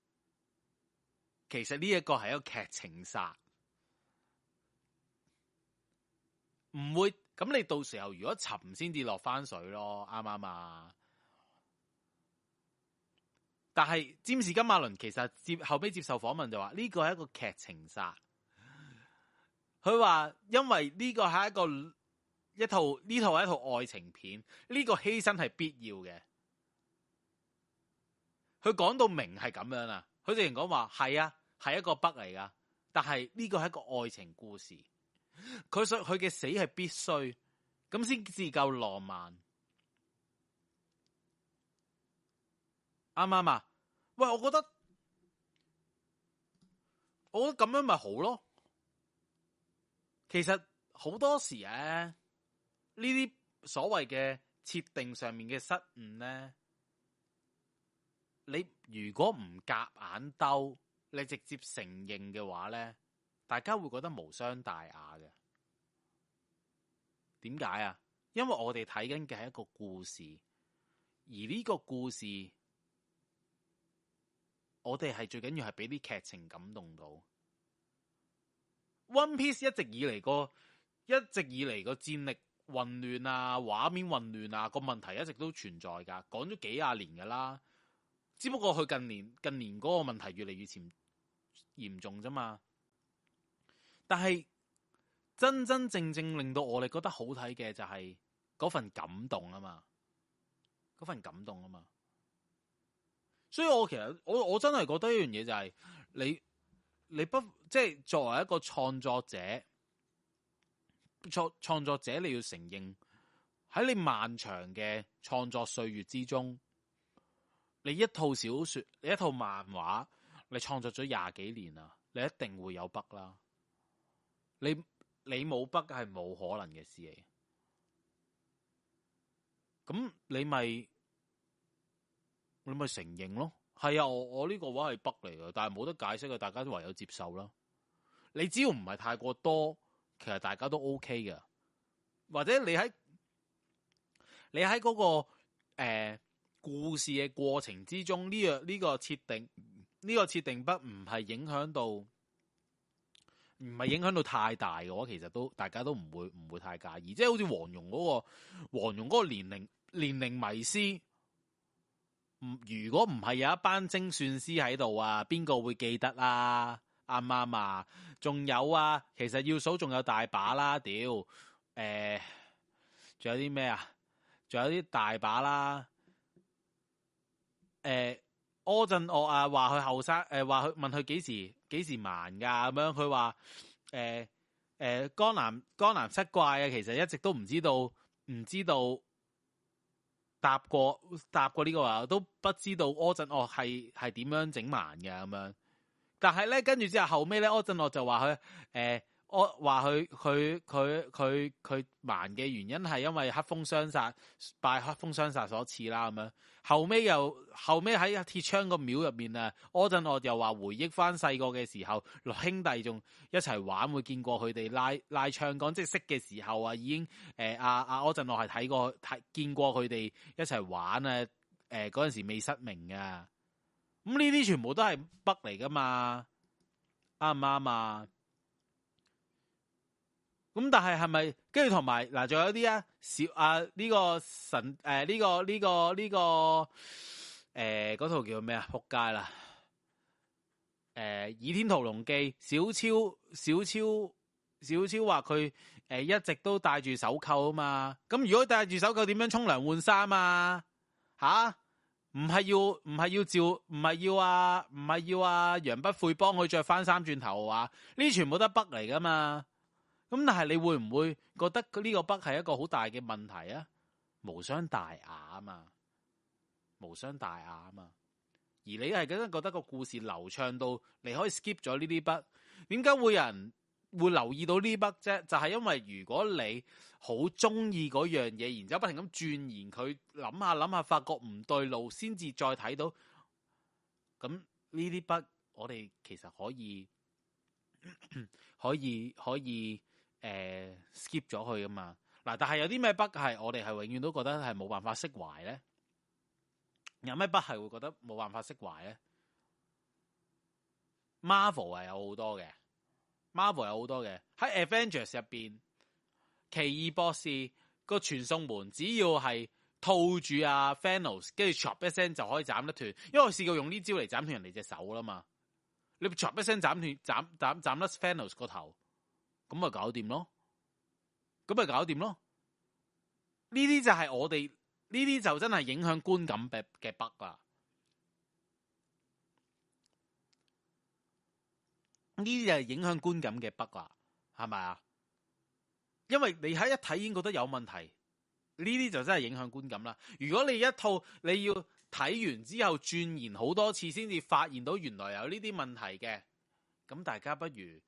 其實呢一個係一個劇情殺，唔會咁。你到時候如果沉先至落翻水咯，啱唔啱啊？但係占士金馬倫其實接後尾接受訪問就話：呢個係一個劇情殺。佢話因為呢個係一個一套呢套係一套愛情片，呢個犧牲係必要嘅。佢講到明係咁樣啊，佢竟然講話係啊，係一個北嚟噶，但係呢個係一個愛情故事。佢說佢嘅死係必須，咁先至夠浪漫。啱唔啱啊？喂，我覺得，我覺得咁樣咪好咯。其實好多時啊，呢啲所謂嘅設定上面嘅失誤咧。你如果唔夾眼兜，你直接承認嘅話呢，大家會覺得無傷大雅嘅。點解啊？因為我哋睇緊嘅係一個故事，而呢個故事，我哋係最緊要係俾啲劇情感動到。One Piece 一直以嚟個，一直以嚟個戰力混亂啊，畫面混亂啊，個問題一直都存在噶，講咗幾廿年噶啦。只不過佢近年近年嗰個問題越嚟越嚴嚴重啫嘛，但係真真正正令到我哋覺得好睇嘅就係嗰份感動啊嘛，嗰份感動啊嘛，所以我其實我我真係覺得一樣嘢就係，是，你你不即係，就是，作為一個創作者創創作者你要承認喺你漫長嘅創作歲月之中。你一套小說，你一套漫畫，你創作咗廿幾年啦，你一定會有筆啦。你你冇筆係冇可能嘅事嚟。咁你咪你咪承認咯？係啊，我我呢個話係北嚟嘅，但係冇得解釋嘅，大家都唯有接受啦。你只要唔係太過多，其實大家都 OK 嘅。或者你喺你喺嗰個誒。呃故事嘅過程之中，呢樣呢個設定，呢個設定不唔係影響到，唔係影響到太大嘅話，其實都大家都唔會唔會太介意。即係好似黃蓉嗰個黃蓉嗰個年齡年齡迷思，唔，如果唔係有一班精算師喺度啊，邊個會記得啊？啱啱啊？仲有啊，其實要數仲有大把啦，屌，誒，仲有啲咩啊？仲有啲大把啦。誒、呃，柯震岳啊，話佢後生，誒話佢問佢幾時幾時盲噶咁樣，佢話誒誒，江南江南七怪啊，其實一直都唔知道，唔知道答過答過呢、呢個話都不知道柯震岳係係點樣整盲噶咁樣，但係咧跟住之後後尾咧，柯震岳就話佢誒。呃我話佢佢佢佢佢盲嘅原因係因為黑風雙煞，拜黑風雙煞所賜啦咁樣，後尾又後尾喺鐵槍個廟入面啊，柯鎮惡又話回憶翻細個嘅時候，兄弟仲一齊玩，會見過佢哋拉拉唱講，即係識嘅時候啊，已經誒阿阿柯鎮惡係睇過睇見過佢哋一齊玩啊，誒嗰陣時未失明噶，咁呢啲全部都係北嚟噶嘛，啱唔啱啊？咁但係係咪跟住同埋嗱？仲有啲啊小啊呢個神誒呢、呃這個呢、這個呢、這個誒嗰套叫咩啊？扑街啦！誒、呃《倚天屠龍記》，小超小超小超話佢誒一直都戴住手扣啊嘛。咁如果戴住手扣，點樣沖涼換衫啊？吓、啊，唔係要唔係要照唔係要啊？唔係要啊？楊不悔幫佢着翻衫轉頭啊？呢全部都係北嚟噶嘛？咁但係你會唔會覺得呢個筆係一個好大嘅問題啊？無傷大雅啊嘛，無傷大雅啊嘛。而你係覺得覺得個故事流暢到你可以 skip 咗呢啲筆，點解會有人會留意到呢筆啫？就係因為如果你好中意嗰樣嘢，然之後不停咁鑽研佢，諗下諗下，發覺唔對路，先至再睇到。咁呢啲筆我哋其實可以，可以，可以。誒、呃、，skip 咗佢噶嘛？嗱，但係有啲咩 bug 係我哋係永遠都覺得係冇辦法釋懷咧？有咩 bug 係會覺得冇辦法釋懷咧？Marvel 係有好多嘅，Marvel 有好多嘅，喺 Avengers 入邊，奇異博士個傳送門只要係套住啊 Thanos 跟住，唰一聲就可以斬得斷。因為我試過用呢招嚟斬斷人哋隻手啦嘛，你唰一聲斬斷，斬斬斬甩 Thanos 個頭。咁咪搞掂咯，咁咪搞掂咯。呢啲就係我哋呢啲就真係影響觀感嘅嘅 bug 啦。呢啲就係影響觀感嘅 bug 啦，係咪啊？因為你喺一睇已經覺得有問題，呢啲就真係影響觀感啦。如果你一套你要睇完之後鑽研好多次先至發現到原來有呢啲問題嘅，咁大家不如。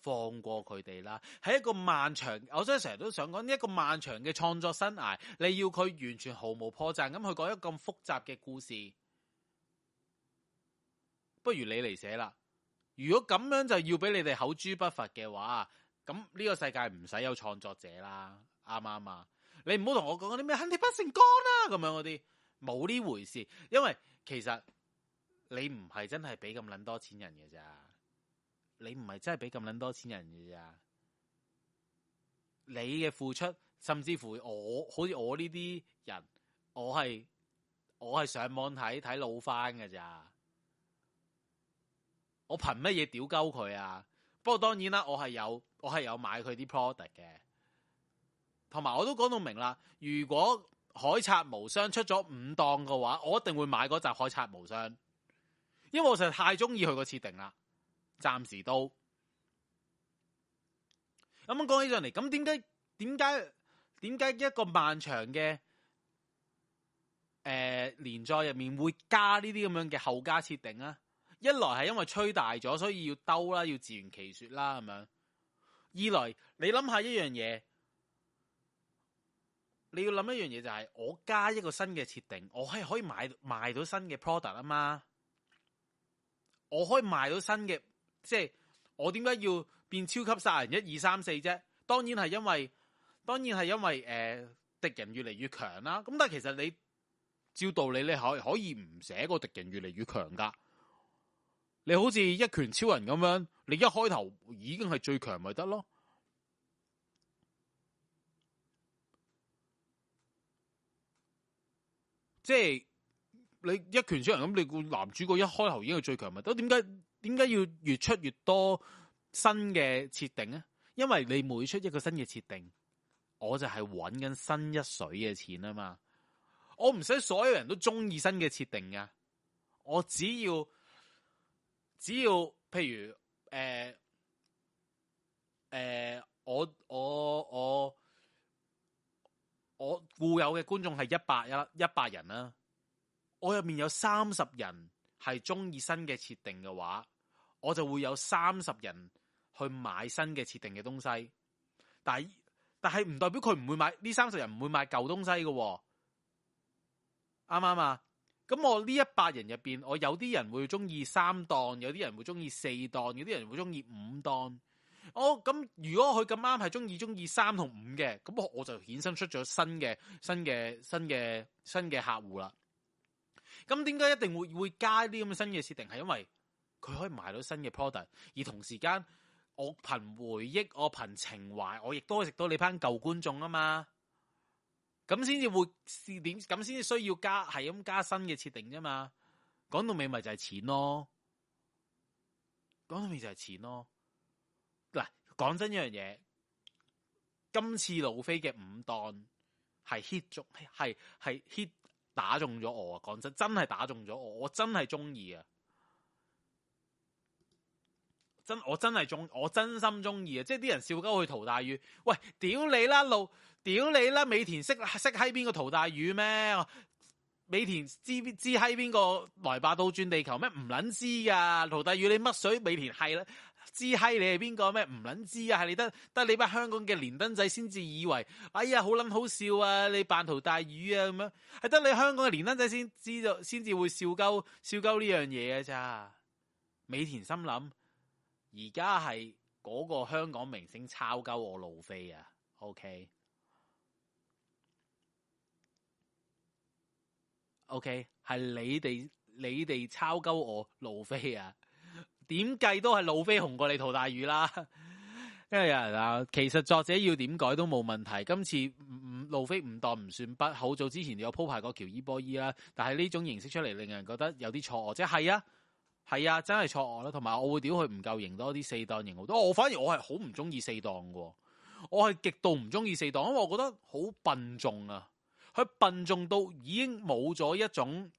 放過佢哋啦，喺一個漫長，我想成日都想講呢一個漫長嘅創作生涯，你要佢完全毫無破綻咁去講一個咁複雜嘅故事，不如你嚟寫啦。如果咁樣就要俾你哋口誅筆伐嘅話，咁呢個世界唔使有創作者啦，啱啱啊，你唔好同我講啲咩恨鐵不成鋼啦，啊，咁樣嗰啲冇呢回事，因為其實你唔係真係俾咁捻多錢人嘅咋。你唔係真係俾咁撚多錢人嘅咋？你嘅付出，甚至乎我，好似我呢啲人，我係我係上網睇睇老翻㗎咋？我憑乜嘢屌鳩佢啊？不過當然啦，我係有，有，有我係有買佢啲 product 嘅，同埋我都講到明啦。如果海賊無雙出咗五檔嘅話，我一定會買嗰集海賊無雙，因為我實在太中意佢個設定啦。暫時都，咁樣講起上嚟，咁點解點解點解一個漫長嘅誒、呃、連載入面會加呢啲咁樣嘅後加設定啊？一來係因為吹大咗，所以要兜啦，要自圓其說啦，咁樣。二來，你諗下一樣嘢，你要諗一樣嘢就係，我加一個新嘅設定，我係可以賣賣到新嘅 product 啊嘛，我可以賣到新嘅。即係、就是、我點解要變超級撒亞人一二三四啫？當然係因為，當然係因為誒敵、呃、人越嚟越強啦、啊。咁但係其實你照道理你可可以唔寫個敵人越嚟越強噶？你好似一拳超人咁樣，你一開頭已經係最強咪得咯？即、就、係、是、你一拳超人咁，你個男主角一開頭已經係最強咪得？點解？點解要越出越多新嘅設定咧？因為你每出一個新嘅設定，我就係揾緊新一水嘅錢啊嘛！我唔使所有人都中意新嘅設定嘅，我只要只要譬如誒誒、呃呃，我我我我固有嘅觀眾係一百一一百人啦、啊，我入面有三十人。係中意新嘅設定嘅話，我就會有三十人去買新嘅設定嘅東西。但係但係唔代表佢唔會買呢三十人唔會買舊東西嘅、哦，啱啱啊？咁我呢一百人入邊，我有啲人會中意三檔，有啲人會中意四檔，有啲人會中意五檔。我、哦、咁如果佢咁啱係中意中意三同五嘅，咁我我就衍生出咗新嘅新嘅新嘅新嘅客戶啦。咁點解一定會會加啲咁嘅新嘅設定？係因為佢可以賣到新嘅 product，而同時間我憑回憶，我憑情懷，我亦都可以食到你班舊觀眾啊嘛！咁先至會試點，咁先至需要加係咁加新嘅設定啫嘛。講到尾咪就係錢咯，講到尾就係錢咯。嗱，講真一樣嘢，今次路飛嘅五檔係 hit 足，係 hit。打中咗我啊！講真，真係打中咗我，我真係中意啊！真，我真係中，我真心中意啊！即係啲人笑鳩去陶大宇，喂，屌你啦路，屌你啦美田識，識識喺邊個陶大宇咩？美田知知喺邊個來霸刀轉地球咩？唔撚知噶，陶大宇你乜水美田係咧？知閪你係邊個咩？唔捻知啊，係你得得你班香港嘅連登仔先至以為，哎呀好捻好笑啊！你扮塗大魚啊咁樣，係得你香港嘅連登仔先知道，先至會笑鳩笑鳩呢樣嘢呀。咋？美田心諗，而家係嗰個香港明星抄鳩我路飛啊？OK，OK，係你哋你哋抄鳩我路飛啊？OK? OK? 點計都係路飛紅過你陶大宇啦，因為有人啊，其實作者要點改都冇問題。今次路飛五檔唔算不，好早之前有鋪排過喬伊波伊啦。但係呢種形式出嚟，令人覺得有啲錯愕，即係啊，係啊，真係錯愕啦。同埋我會屌佢唔夠型多啲四檔型好多，我、哦、反而我係好唔中意四檔喎。我係極度唔中意四檔，因為我覺得好笨重啊，佢笨重到已經冇咗一種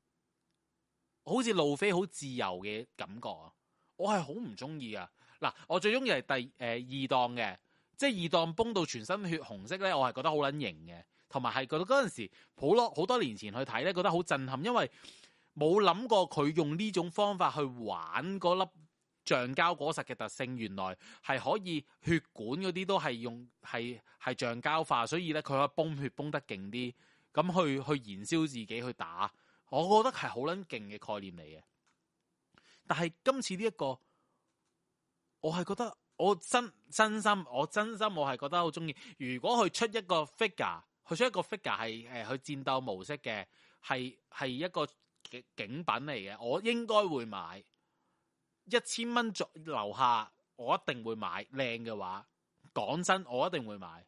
好似路飛好自由嘅感覺啊。我係好唔中意啊！嗱，我最中意係第誒二檔嘅，即係二檔崩到全身血紅色咧，我係覺得好撚型嘅，同埋係覺得嗰陣時，好咯，好多年前去睇咧，覺得好震撼，因為冇諗過佢用呢種方法去玩嗰粒橡膠果實嘅特性，原來係可以血管嗰啲都係用係係橡膠化，所以咧佢可以崩血崩得勁啲，咁去去燃燒自己去打，我覺得係好撚勁嘅概念嚟嘅。但係今次呢、這、一個，我係覺得我真真心，我真心我係覺得好中意。如果佢出一個 figure，佢出一個 figure 係誒佢戰鬥模式嘅，係係一個景品嚟嘅，我應該會買一千蚊左樓下，我一定會買靚嘅話，講真，我一定會買。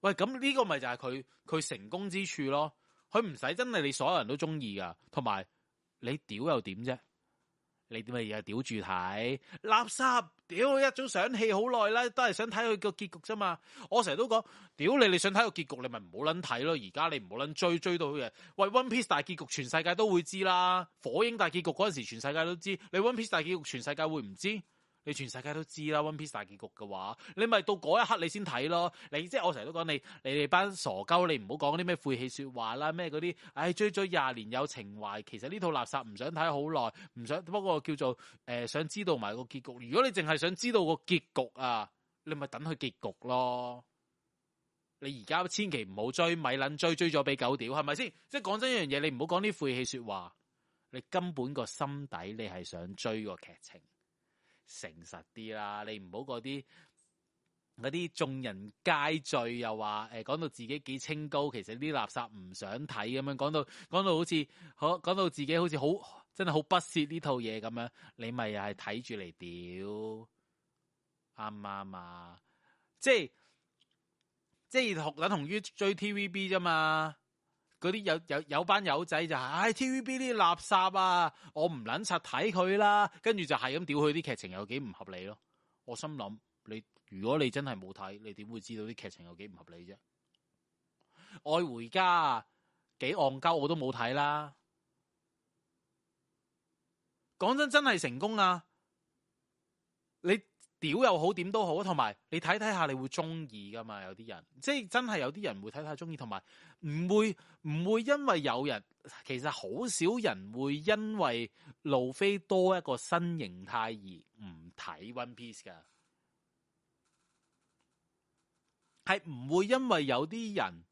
喂，咁呢個咪就係佢佢成功之處咯。佢唔使真係你所有人都中意噶，同埋。你屌又點啫？你點解要屌住睇垃圾屌佢一早上戲好耐啦，都係想睇佢個結局啫嘛。我成日都講屌你，你想睇個結局，你咪唔好捻睇咯。而家你唔好捻追追到佢嘅喂。One Piece 大結局全世界都會知啦，火影大結局嗰陣時全世界都知，你 One Piece 大結局全世界會唔知？你全世界都知啦，One Piece 大結局嘅話，你咪到嗰一刻你先睇咯。你即係我成日都講你，你哋班傻鳩，你唔好講啲咩晦氣說話啦，咩嗰啲。唉，追咗廿年有情懷，其實呢套垃圾唔想睇好耐，唔想。不過叫做誒、呃，想知道埋個結局。如果你淨係想知道個結局啊，你咪等佢結局咯。你而家千祈唔好追，咪撚追，追咗俾狗屌，係咪先？即係講真一樣嘢，你唔好講啲晦氣說話。你根本個心底你係想追個劇情。誠實啲啦，你唔好嗰啲、嗰啲眾人皆醉又話，誒，講到自己幾清高，其實啲垃圾唔想睇咁樣，講到講到好似好講到自己好似好真係好不屑呢套嘢咁樣，你咪又係睇住嚟屌，啱唔啱啊？即係即係同等同於追 TVB 啫嘛。嗰啲有有有班友仔就係，唉，哎，TVB 啲垃圾啊，我唔捻柒睇佢啦，跟住就係咁屌佢啲劇情有幾唔合理咯。我心諗，你如果你真係冇睇，你點會知道啲劇情有幾唔合理啫？《愛回家》幾戇鳩我都冇睇啦。講真，真係成功啊！你。屌又好，點都好，同埋你睇睇下你會中意噶嘛？有啲人即係真係有啲人會睇睇中意，同埋唔會唔會因為有人其實好少人會因為路飛多一個新形態而唔睇 One Piece 噶，係唔會因為有啲人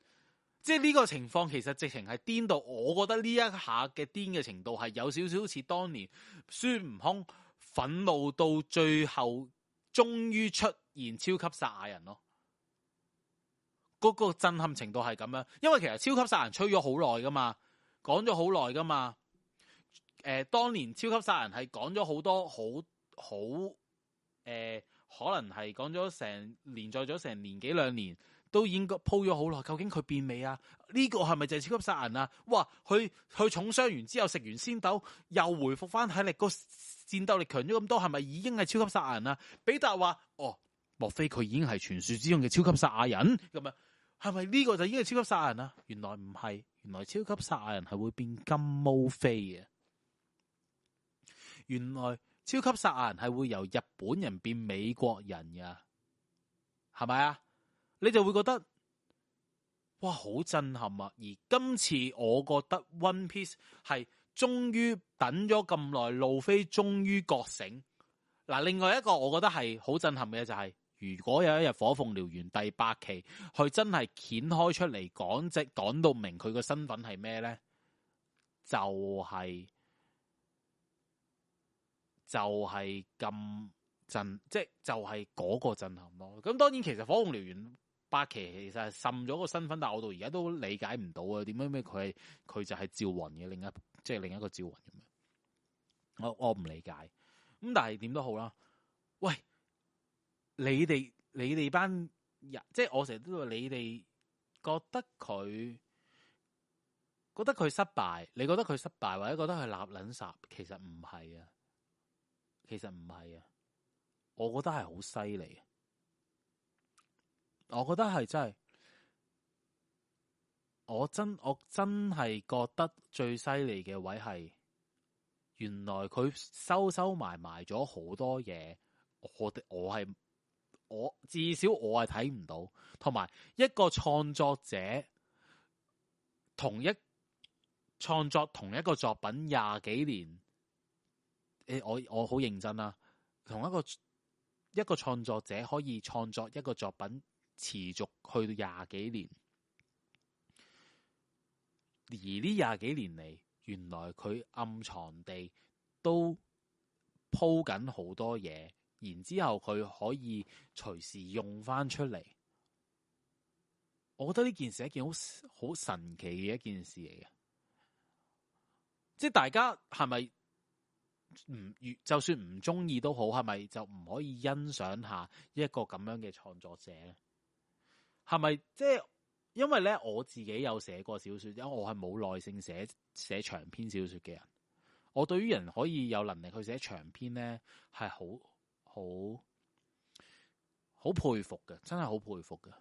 即係呢個情況，其實直情係癲到，我覺得呢一下嘅癲嘅程度係有少少似當年孫悟空憤怒到最後。終於出現超級殺人咯！嗰個震撼程度係咁樣，因為其實超級殺人吹咗好耐㗎嘛，講咗好耐㗎嘛。誒，當年超級殺人係講咗好多好，好好誒，可能係講咗成連載咗成年幾兩年。都已經鋪咗好耐，究竟佢變未啊？呢個係咪就係超級殺人啊？哇！佢佢重傷完之後食完仙豆，又回復翻體力，個戰鬥力強咗咁多，係咪已經係超級殺人啊？比達話，哦，莫非佢已經係傳說之中嘅超級殺人？咁啊，係咪呢個就已經係超級殺人啊？原來唔係，原來超級殺人係會變金毛飛啊。原來超級殺人係會由日本人變美國人啊，係咪啊？你就會覺得，哇好震撼啊！而今次我覺得《One Piece》係終於等咗咁耐，路飛終於覺醒。嗱，另外一個我覺得係好震撼嘅，就係，如果有一日《火鳳燎原》第八期佢真係掀開出嚟講，即講到明佢個身份係咩呢？就係就係咁震，即就係嗰個震撼咯。咁當然，其實《火鳳燎原》八奇其實係滲咗個身份，但係我到而家都理解唔到啊！點解咩佢佢就係趙雲嘅另一即係、就是、另一個趙雲咁樣？我我唔理解。咁但係點都好啦。喂，你哋你哋班人，即、就、係、是、我成日都話你哋覺得佢覺得佢失敗，你覺得佢失敗，或者覺得佢立撚殺，其實唔係啊，其實唔係啊，我覺得係好犀利。我覺得係真係，我真我真係覺得最犀利嘅位係，原來佢收收埋埋咗好多嘢，我我係我至少我係睇唔到，同埋一個創作者同一創作同一個作品廿幾年，誒、欸、我我好認真啦、啊，同一個一個創作者可以創作一個作品。持續去到廿幾年，而呢廿幾年嚟，原來佢暗藏地都鋪緊好多嘢，然之後佢可以隨時用翻出嚟。我覺得呢件事係一件好好神奇嘅一件事嚟嘅，即係大家係咪唔越就算唔中意都好，係咪就唔可以欣賞下一個咁樣嘅創作者咧？係咪？即係因為咧，我自己有寫過小說，因為我係冇耐性寫寫長篇小說嘅人。我對於人可以有能力去寫長篇咧，係好好好佩服嘅，真係好佩服嘅。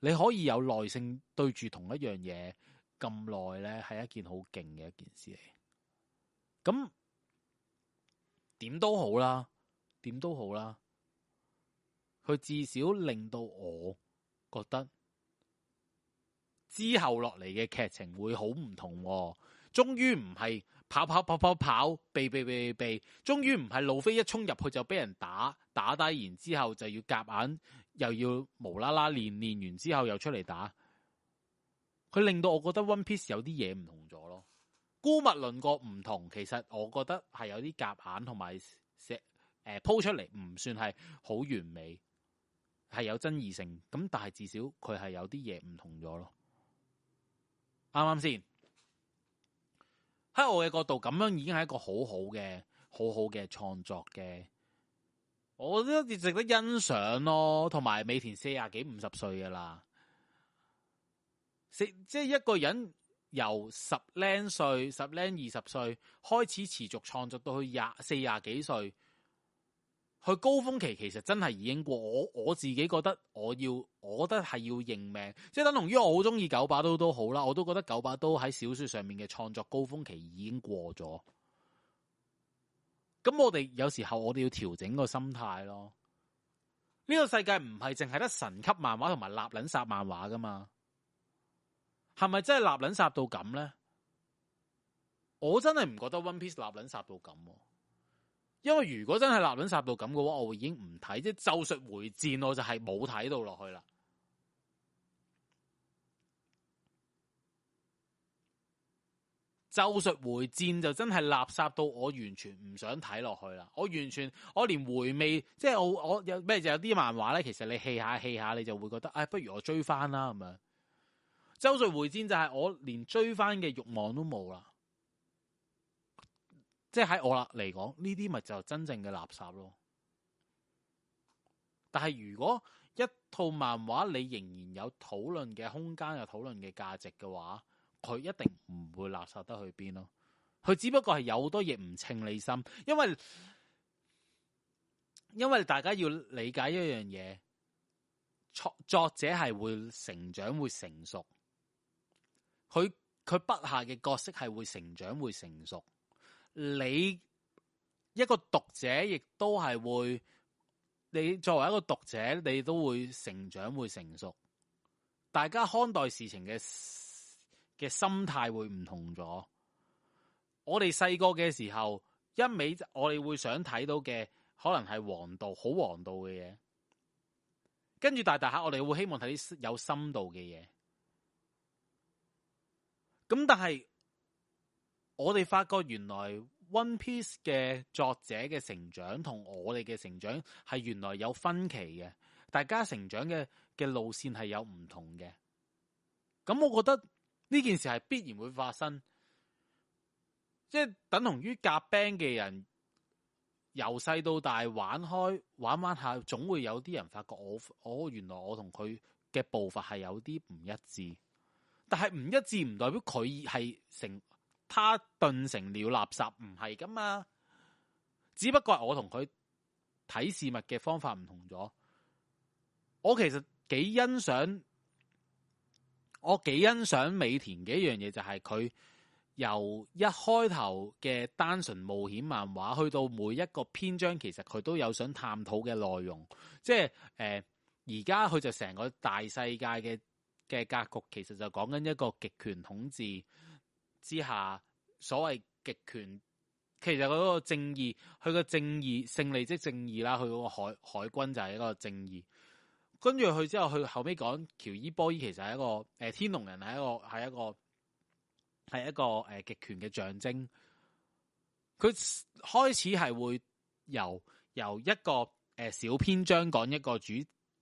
你可以有耐性對住同一樣嘢咁耐咧，係一件好勁嘅一件事嚟。咁點都好啦，點都好啦，佢至少令到我。覺得之後落嚟嘅劇情會好唔同喎，終於唔係跑跑跑跑跑，避避避避避，終於唔係路飛一衝入去就俾人打打低，然之後就要夾硬又要無啦啦練練完之後又出嚟打，佢令到我覺得 One Piece 有啲嘢唔同咗咯。孤物論個唔同，其實我覺得係有啲夾硬同埋石鋪出嚟唔算係好完美。係有爭議性，咁但係至少佢係有啲嘢唔同咗咯。啱啱先？喺我嘅角度，咁樣已經係一個好好嘅很好嘅、好好嘅創作嘅，我覺得亦值得欣賞咯。同埋，美田四十幾、五十歲噶啦，四即係一個人由十零歲、十零二十歲開始持續創作到去廿四廿幾歲。佢高峰期其實真係已經過，我我自己覺得我要，我覺得係要認命，即係等同於我好中意九把刀都好啦，我都覺得九把刀喺小說上面嘅創作高峰期已經過咗。咁我哋有時候我哋要調整個心態咯。呢個世界唔係淨係得神級漫畫同埋立撚殺漫畫噶嘛？係咪真係立撚殺到咁咧？我真係唔覺得《One Piece》立撚殺到咁。因為如果真係垃圾到咁嘅話，我會已經唔睇，即係《咒術迴戰》，我就係冇睇到落去啦。《咒術迴戰》就真係垃圾到我完全唔想睇落去啦，我完全我連回味，即係我我有咩就有啲漫畫咧，其實你棄下棄下，你就會覺得唉、哎，不如我追翻，啦咁樣。是是《咒術迴戰》就係我連追翻嘅欲望都冇啦。即係我啦嚟講，呢啲咪就真正嘅垃圾咯。但係如果一套漫畫你仍然有討論嘅空間，有討論嘅價值嘅話，佢一定唔會垃圾得去邊咯。佢只不過係有好多嘢唔稱你心，因為因為大家要理解一樣嘢，作作者係會成長，會成熟，佢佢筆下嘅角色係會成長，會成熟。你一個讀者亦都係會，你作為一個讀者，你都會成長會成熟，大家看待事情嘅嘅心態會唔同咗。我哋細個嘅時候，一味我哋會想睇到嘅可能係黃道好黃道嘅嘢，跟住大大下我哋會希望睇啲有深度嘅嘢，咁但係。我哋發覺原來《One Piece》嘅作者嘅成長同我哋嘅成長係原來有分歧嘅，大家成長嘅嘅路線係有唔同嘅。咁，我覺得呢件事係必然會發生，即係等同於夾 band 嘅人，由細到大玩開玩玩下，總會有啲人發覺我我原來我同佢嘅步伐係有啲唔一致，但係唔一致唔代表佢係成。他頓成了垃圾，唔係噶嘛？只不過我同佢睇事物嘅方法唔同咗。我其實幾欣賞，我幾欣賞美田嘅一樣嘢，就係佢由一開頭嘅單純冒險漫畫，去到每一個篇章，其實佢都有想探討嘅內容。即係誒，而家佢就成個大世界嘅嘅格局，其實就講緊一個極權統治。之下，所謂極權，其實佢個正義，佢個正義，勝利即正義啦。佢個海海軍就係一個正義。跟住佢之後，佢後尾講喬伊波伊其實係一個誒、呃、天龍人，係一個係一個係一個誒極、呃、權嘅象徵。佢開始係會由由一個誒小篇章講一個主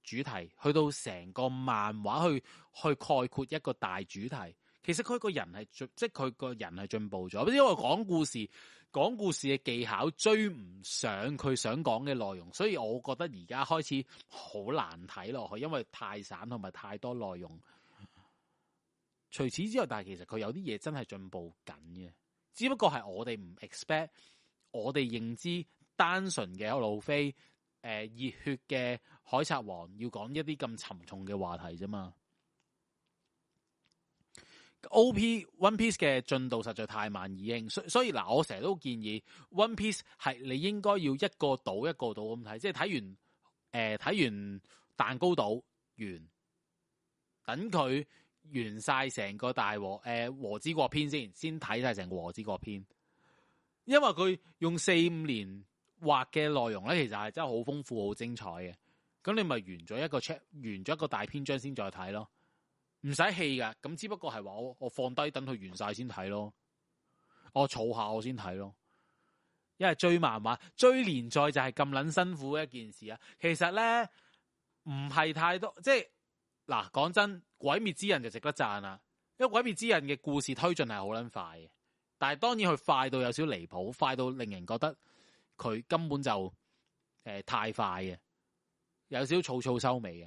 主題，去到成個漫畫去去概括一個大主題。其實佢個人係即係佢個人係進步咗。因為講故事、講故事嘅技巧追唔上佢想講嘅內容，所以我覺得而家開始好難睇落去，因為太散同埋太多內容。除此之外，但係其實佢有啲嘢真係進步緊嘅，只不過係我哋唔 expect，我哋認知單純嘅一路飛，誒、呃、熱血嘅海賊王，要講一啲咁沉重嘅話題啫嘛。OP One Piece 嘅進度實在太慢，已經，所所以嗱，我成日都建議 One Piece 係你應該要一個島一個島咁睇，即係睇完誒睇、呃、完蛋糕島完，等佢完晒成個大和誒、呃、和之國篇先，先睇晒成個和之國篇。因為佢用四五年畫嘅內容咧，其實係真係好豐富、好精彩嘅。咁你咪完咗一個 check，完咗一個大篇章先再睇咯。唔使氣㗎，咁只不過係話我，我放低等佢完晒先睇咯，我儲下我先睇咯，因為追漫畫、追連載就係咁捻辛苦嘅一件事啊。其實咧唔係太多，即係嗱，講真，《鬼滅之刃》就值得讚啦，因為《鬼滅之刃》嘅故事推進係好捻快嘅，但係當然佢快到有少少離譜，快到令人覺得佢根本就誒、呃、太快嘅，有少少草草收尾嘅，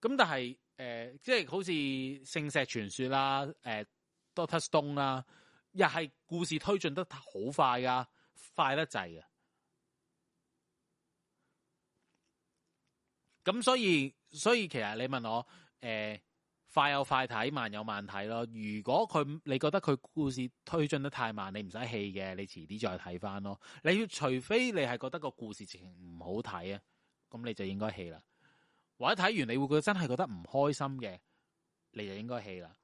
咁但係。誒，即係好似《聖石傳說》啦，誒，《Doctor Stone》啦，又係故事推進得好快㗎，快得滯呀。咁所以，所以其實你問我，誒，快有快睇，慢有慢睇咯。如果佢你覺得佢故事推進得太慢，你唔使棄嘅，你遲啲再睇返咯。你要除非你係覺得個故事情唔好睇啊，咁你就應該棄啦。或者睇完你會覺得真係覺得唔開心嘅，你就應該棄啦。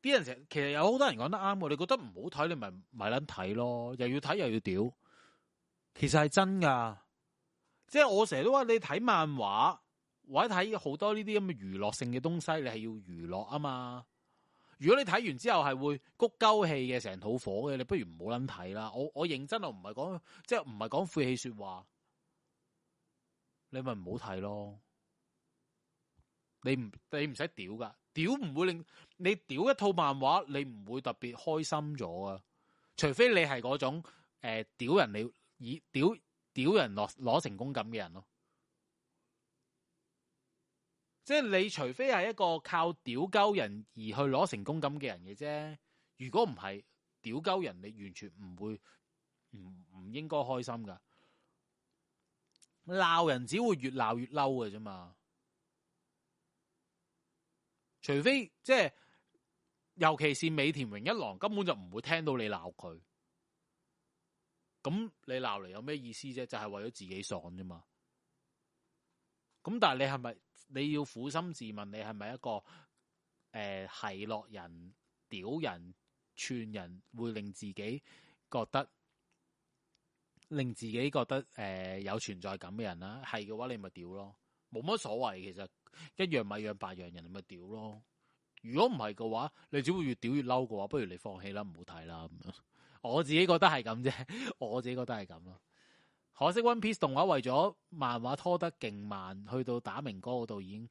啲人成其實有好多人講得啱，你覺得唔好睇，你咪咪捻睇咯，又要睇又要屌，其實係真噶。即係我成日都話你睇漫畫，或者睇好多呢啲咁嘅娛樂性嘅東西，你係要娛樂啊嘛。如果你睇完之後係會谷鳩氣嘅，成肚火嘅，你不如唔好捻睇啦。我我認真啊，唔係講即係唔係講晦氣說話。你咪唔好睇咯，你唔你唔使屌噶，屌唔會令你屌一套漫畫，你唔會特別開心咗啊！除非你係嗰種誒、呃、屌人你以屌屌人攞攞成功感嘅人咯，即係你除非係一個靠屌鳩人而去攞成功感嘅人嘅啫。如果唔係屌鳩人，你完全唔會唔唔應該開心噶。鬧人只會越鬧越嬲嘅啫嘛，除非即係、就是，尤其是美田榮一郎根本就唔會聽到你鬧佢，咁你鬧嚟有咩意思啫？就係、是、為咗自己爽啫嘛。咁但係你係咪你要苦心自問，你係咪一個誒係落人、屌人、串人，會令自己覺得？令自己覺得誒、呃、有存在感嘅人啦、啊，係嘅話你咪屌咯，冇乜所謂，其實一樣米養百樣人，你咪屌咯。如果唔係嘅話，你只會越屌越嬲嘅話，不如你放棄啦，唔好睇啦咁樣。我自己覺得係咁啫，我自己覺得係咁咯。可惜 One Piece 動畫為咗漫畫拖得勁慢，去到打明哥嗰度已經，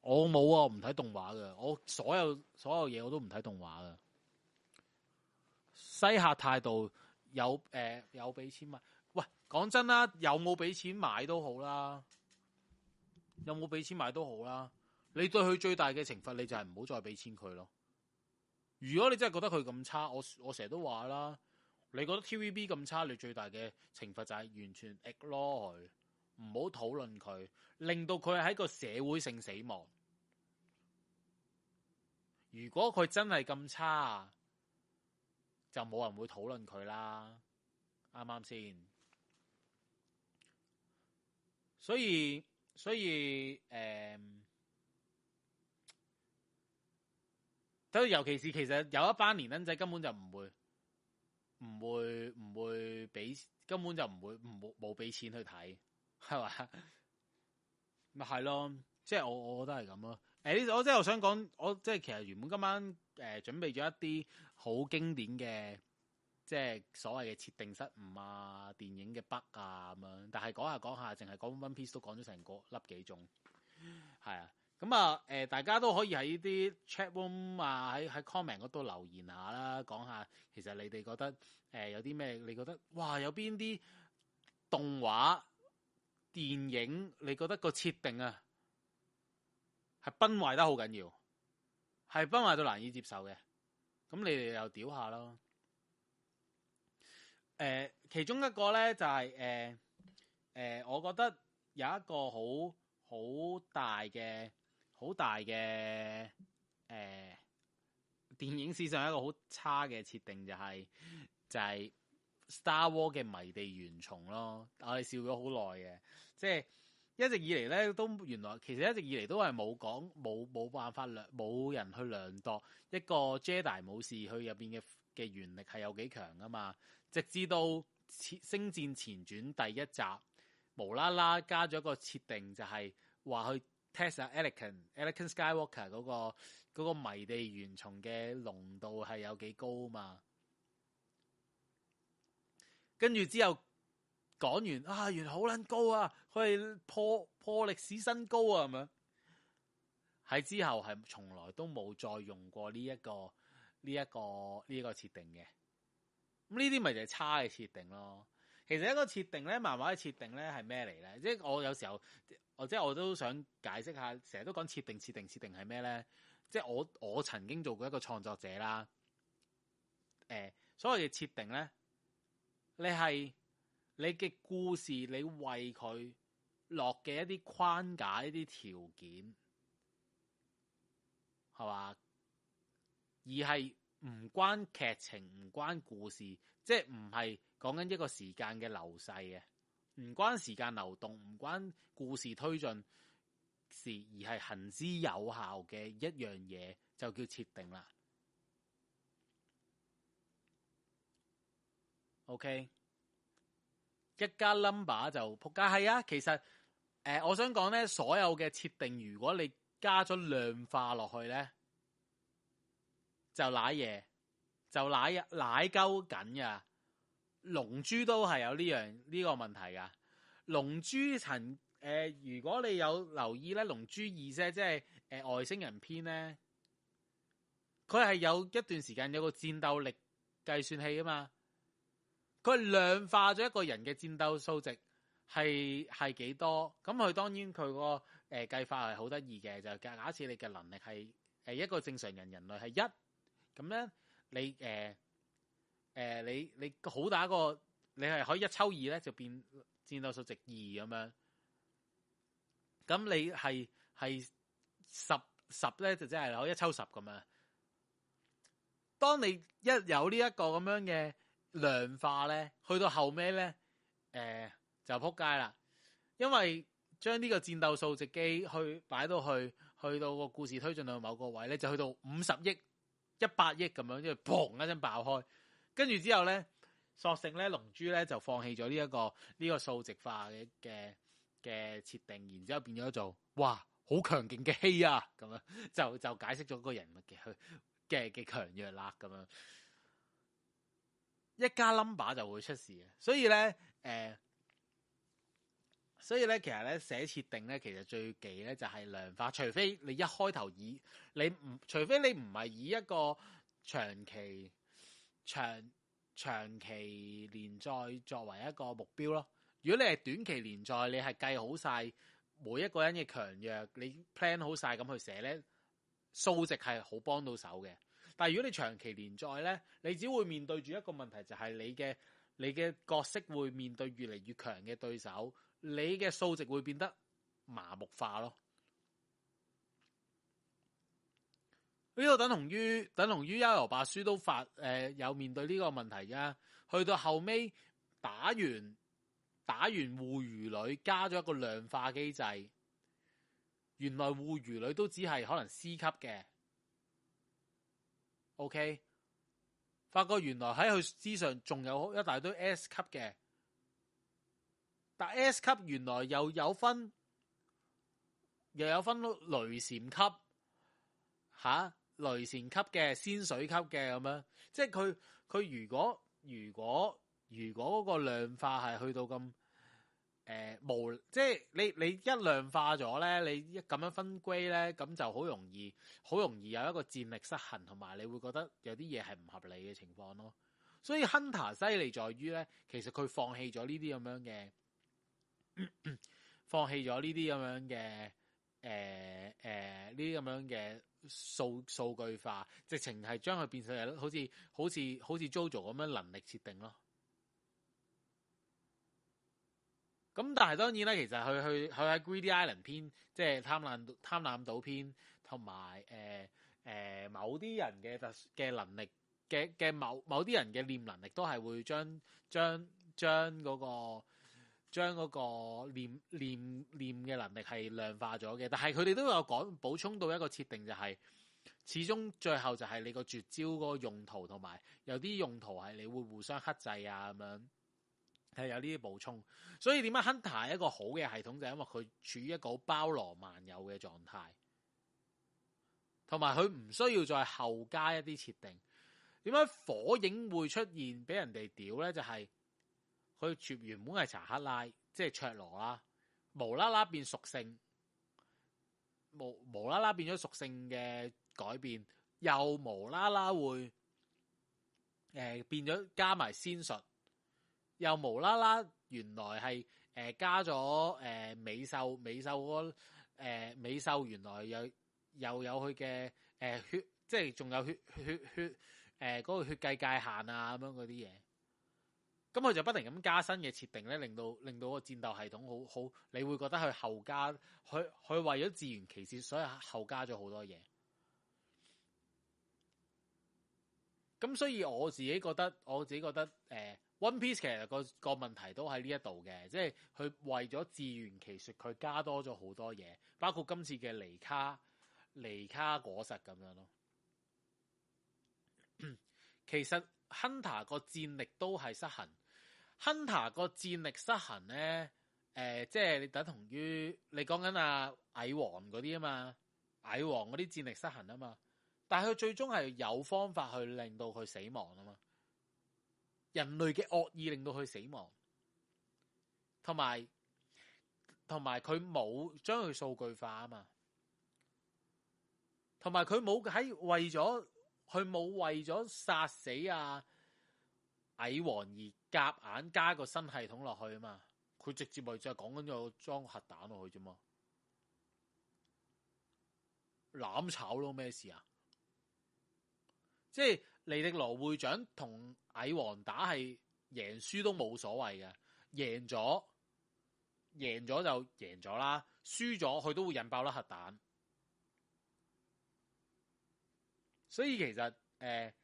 我冇啊，我唔睇動畫嘅，我所有所有嘢我都唔睇動畫噶。西客態度有誒、呃、有俾錢啊。講真啦，有冇俾錢買都好啦，有冇俾錢買都好啦。你對佢最大嘅懲罰，你就係唔好再俾錢佢咯。如果你真係覺得佢咁差，我我成日都話啦，你覺得 TVB 咁差，你最大嘅懲罰就係完全 ignore 佢，唔好討論佢，令到佢係一個社會性死亡。如果佢真係咁差，就冇人會討論佢啦。啱唔啱先？所以，所以，誒、嗯，都尤其是其實有一班年青仔根本就唔會，唔會唔會俾，根本就唔會唔冇冇俾錢去睇，係嘛？咪係咯，即係我我覺得係咁咯。誒，我即係我，、欸、我，我想講，我即係其實原本今晚誒、呃、準備咗一啲好經典嘅。即係所謂嘅設定失誤啊，電影嘅 bug 啊咁樣，但係講下講下，淨係講《One Piece》都講咗成個粒幾鐘，係啊，咁啊，誒、呃，大家都可以喺啲 chat room 啊，喺喺 comment 嗰度留言下啦，講下其實你哋覺得誒、呃、有啲咩？你覺得哇，有邊啲動畫電影你覺得個設定啊係崩壞得好緊要，係崩壞到難以接受嘅，咁你哋又屌下咯～誒、呃，其中一個咧就係誒誒，我覺得有一個好好大嘅好大嘅誒、呃，電影史上一個好差嘅設定就係、是、就係、是、Star Wars 嘅迷地原蟲咯，我哋笑咗好耐嘅，即、就、係、是、一直以嚟咧都原來其實一直以嚟都係冇講冇冇辦法量冇人去量度一個 Jedi 武士佢入邊嘅嘅原力係有幾強噶嘛。直至到《星戰前傳》第一集，無啦啦加咗一個設定、就係，就係話去 test 阿 Anakin、Anakin Skywalker 嗰、嗰個嗰個迷地原蟲嘅濃度係有幾高嘛？跟住之後講完啊，原來好撚高啊，佢係破破歷史新高啊，係咪？喺之後係從來都冇再用過呢、呢、一個呢一、呢個呢、呢個設定嘅。咁呢啲咪就係差嘅設定咯。其實一個設定咧，漫畫嘅設定咧係咩嚟咧？即係我有時候，我或者我都想解釋下，成日都講設定、設定、設定係咩咧？即係我我曾經做過一個創作者啦。誒、呃，所謂嘅設定咧，你係你嘅故事，你為佢落嘅一啲框架、一啲條件，係嘛？而係。唔關劇情，唔關故事，即係唔係講緊一個時間嘅流逝嘅，唔關時間流動，唔關故事推進時，而係行之有效嘅一樣嘢，就叫設定啦。OK，一加 number 就仆街係啊。其實，呃，我想講呢，所有嘅設定，如果你加咗量化落去呢。就舐嘢，就舐舐鳩緊噶。龍珠都係有呢樣呢個問題噶。龍珠曾誒、呃，如果你有留意咧，龍珠二啫，即係誒、呃、外星人篇咧，佢係有一段時間有個戰鬥力計算器啊嘛。佢量化咗一個人嘅戰鬥數值係係幾多咁？佢當然佢個誒計法係好得意嘅，就假假設你嘅能力係誒、呃、一個正常人人類係一。咁咧、呃呃，你誒你你好大一個，你係可以一抽二咧就變戰鬥數值二咁樣。咁你係係十十咧就即係攞一抽十咁樣。當你一有呢呢呢一個咁樣嘅量化咧，去到後尾咧、呃，就撲街啦。因為將呢個戰鬥數值機去擺到去，去到個故事推進到某個位咧，就去到五十億。一百億咁樣，即係砰一聲爆開，跟住之後咧，索性咧龍珠咧就放棄咗呢一個呢、這個數值化嘅嘅嘅設定，然之後變咗做哇好強勁嘅氣啊，咁樣就就解釋咗個人物嘅嘅嘅強弱啦，咁樣一加 number 就會出事嘅，所以咧誒。呃所以咧，其實咧寫設定咧，其實最忌咧就係量化。除非你一開頭以你唔，除非你唔係以一個長期長長期連載作為一個目標咯。如果你係短期連載，你係計好晒每一個人嘅強弱，你 plan 好晒咁去寫咧，數值係好幫到手嘅。但係如果你長期連載咧，你只會面對住一個問題，就係你嘅你嘅角色會面對越嚟越強嘅對手。你嘅數值會變得麻木化咯，呢、這個等同於等同於《幽遊白書》都發誒、呃、有面對呢個問題嘅，去到後尾打完打完護魚女加咗一個量化機制，原來護魚女都只係可能 C 級嘅，OK，發覺原來喺佢之上仲有一大堆 S 級嘅。S 但 S 級原來又有分，又有分雷禪級吓，雷禪級嘅、仙水級嘅咁樣，即係佢佢如果如果如果嗰個量化係去到咁誒、呃、無，即係你你一量化咗咧，你一咁樣分歸咧，咁就好容易好容易有一個戰力失衡，同埋你會覺得有啲嘢係唔合理嘅情況咯。所以 Hunter 犀利在於咧，其實佢放棄咗呢啲咁樣嘅。 [coughs] 放棄咗呢啲咁樣嘅誒誒，呢啲咁樣嘅數數據化，直情係將佢變成好似好似好似 Jojo 咁樣能力設定咯。咁但係當然啦，其實佢佢佢喺 Greed Island 篇，即係貪婪貪婪島篇，同埋誒誒某啲人嘅特嘅能力嘅嘅某某啲人嘅念能力都是，都係會將將將嗰個。將嗰個念念念嘅能力係量化咗嘅，但係佢哋都有講補充到一個設定，就是，就係始終最後就係你個絕招嗰個用途，同埋有啲用途係你會互相克制啊，咁樣係有呢啲補充。所以點解 Hunter 一個好嘅系統就係、是、因為佢處於一個包羅萬有嘅狀態，同埋佢唔需要再後加一啲設定。點解火影會出現俾人哋屌呢？就係、是。佢原原本係查克拉，即、就、係、是、卓羅啦，無啦啦變屬性，無無啦啦變咗屬性嘅改變，又無啦啦會誒、呃、變咗加埋仙術，又無啦啦原來係誒、呃、加咗誒美獸，美獸嗰誒美獸、呃、原來又又有佢嘅誒血，即係仲有血血血誒嗰個血計界限啊咁樣嗰啲嘢。咁佢就不停咁加新嘅設定咧，令到令到個戰鬥系統好好，你會覺得佢後加佢佢為咗自圓其說，所以後加咗好多嘢。咁所以我自己覺得，我自己覺得，誒、呃、《One Piece》其實個個問題都喺呢一度嘅，即係佢為咗自圓其說，佢加多咗好多嘢，包括今次嘅尼卡尼卡果實咁樣咯。其實 Hunter 個戰力都係失衡。亨 u n t 個戰力失衡咧，誒、呃，即係你等同於你講緊阿矮王嗰啲啊嘛，矮王嗰啲戰力失衡啊嘛，但係佢最終係有方法去令到佢死亡啊嘛，人類嘅惡意令到佢死亡，同埋同埋佢冇將佢數據化啊嘛，同埋佢冇喺為咗佢冇為咗殺死啊。矮王而夾硬加個新系統落去啊嘛，佢直接咪就係講緊個裝核彈落去啫嘛，攬炒咯咩事啊？即係尼迪羅會長同矮王打係贏輸都冇所謂嘅，贏咗贏咗就贏咗啦，輸咗佢都會引爆粒核彈，所以其實誒。呃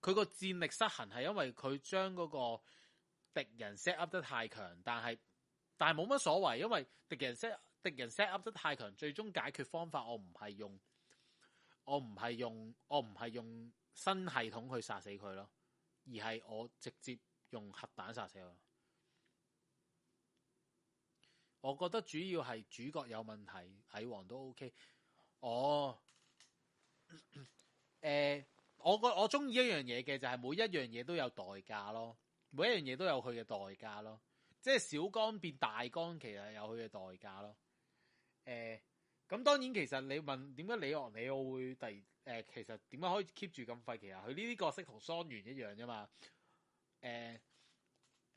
佢個戰力失衡係因為佢將嗰個敵人 set up 得太強，但係但係冇乜所謂，因為敵人 set 敵人 set up 得太強，最終解決方法我唔係用我唔係用我唔係用新系統去殺死佢咯，而係我直接用核彈殺死佢。我覺得主要係主角有問題，蟻王都 OK。哦、oh，誒。 [coughs] 呃我個我中意一樣嘢嘅就係、是、每一樣嘢都有代價咯，每一樣嘢都有佢嘅代價咯。即係小剛變大剛，其實有佢嘅代價咯。誒、呃，咁當然其實你問點解李昂李奧會突然誒，其實點解可以 keep 住咁快？其實佢呢啲角色同桑元一樣啫嘛。誒、呃，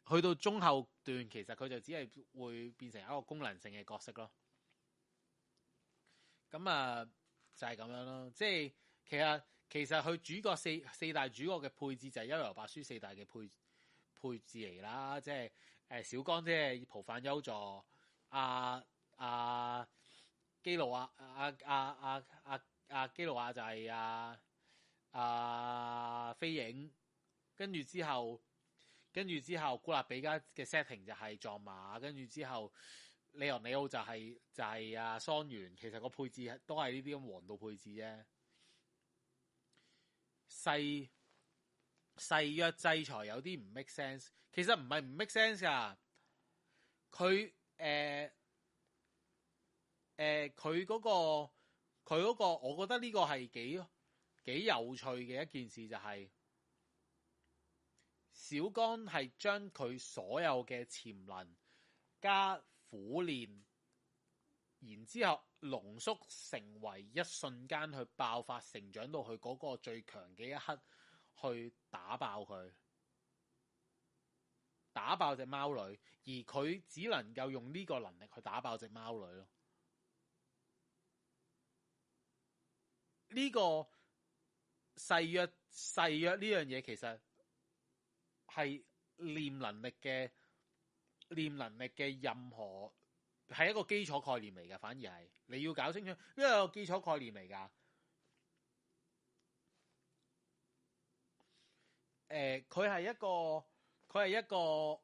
去到中後段，其實佢就只係會變成一個功能性嘅角色咯。咁啊，就係、是、咁樣咯。即係其實。其實佢主角四四大主角嘅配置就係《幽遊白書》四大嘅配配置嚟啦，即係誒小剛啫，浦飯幽助，阿啊基路啊，阿阿阿啊基啊，啊，啊基路亞就係阿啊飛影，跟住之後跟住之後古拉比加嘅 setting 就係藏馬，跟住之後李敖李奧就係、是、就係、是、阿、啊、桑原。其實個配置都係呢啲咁王道配置啫。細細約制裁，有啲唔 make sense，其實唔係唔 make sense 啊，佢誒誒佢嗰個佢嗰、嗰個，我覺得呢個係幾幾有趣嘅一件事，就係，就係小剛係將佢所有嘅潛能加苦練，然之後。濃縮成為一瞬間去爆發，成長到佢嗰個最強嘅一刻，去打爆佢，打爆隻貓女，而佢只能夠用呢個能力去打爆隻貓女咯。呢個誓約，誓約呢樣嘢其實係念能力嘅，念能力嘅任何。係一個基礎概念嚟噶，反而係你要搞清楚，呢個基礎概念嚟噶。誒、呃，佢係一個，佢係一個，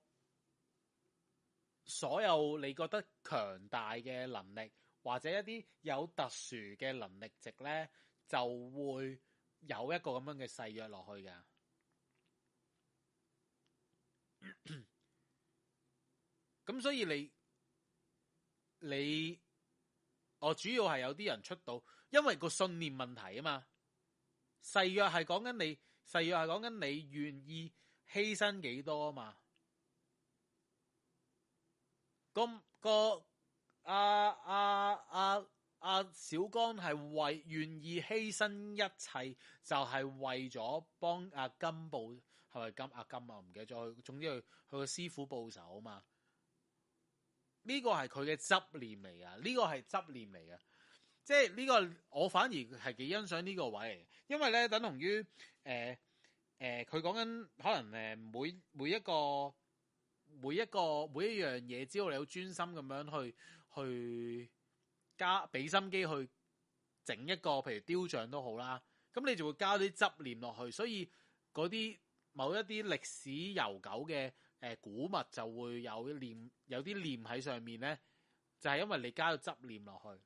所有你覺得強大嘅能力或者一啲有特殊嘅能力值咧，就會有一個咁樣嘅誓約落去噶。咁 [coughs] 所以你。你，我主要係有啲人出到，因為個信念問題啊嘛。誓約係講緊你，誓約係講緊你願意犧牲幾多嘛、 [laughs] 那個、啊嘛。咁個阿阿阿阿小剛係為願意犧牲一切就是、啊，就係為咗幫阿金報，係咪金阿金啊？唔記得咗佢，總之佢佢個師傅報仇啊嘛。呢個係佢嘅執念嚟噶，呢個係執念嚟嘅，即係呢個我反而係幾欣賞呢個位嚟，因為呢等同於誒佢講緊可能誒每每一個每一個每一樣嘢，只要你好專心咁樣去去加俾心機去整一個，譬如雕像都好啦，咁你就會加啲執念落去，所以嗰啲某一啲歷史悠久嘅。誒，古物就會有念，有啲念喺上面呢，就係、是、因為你加咗執念落去。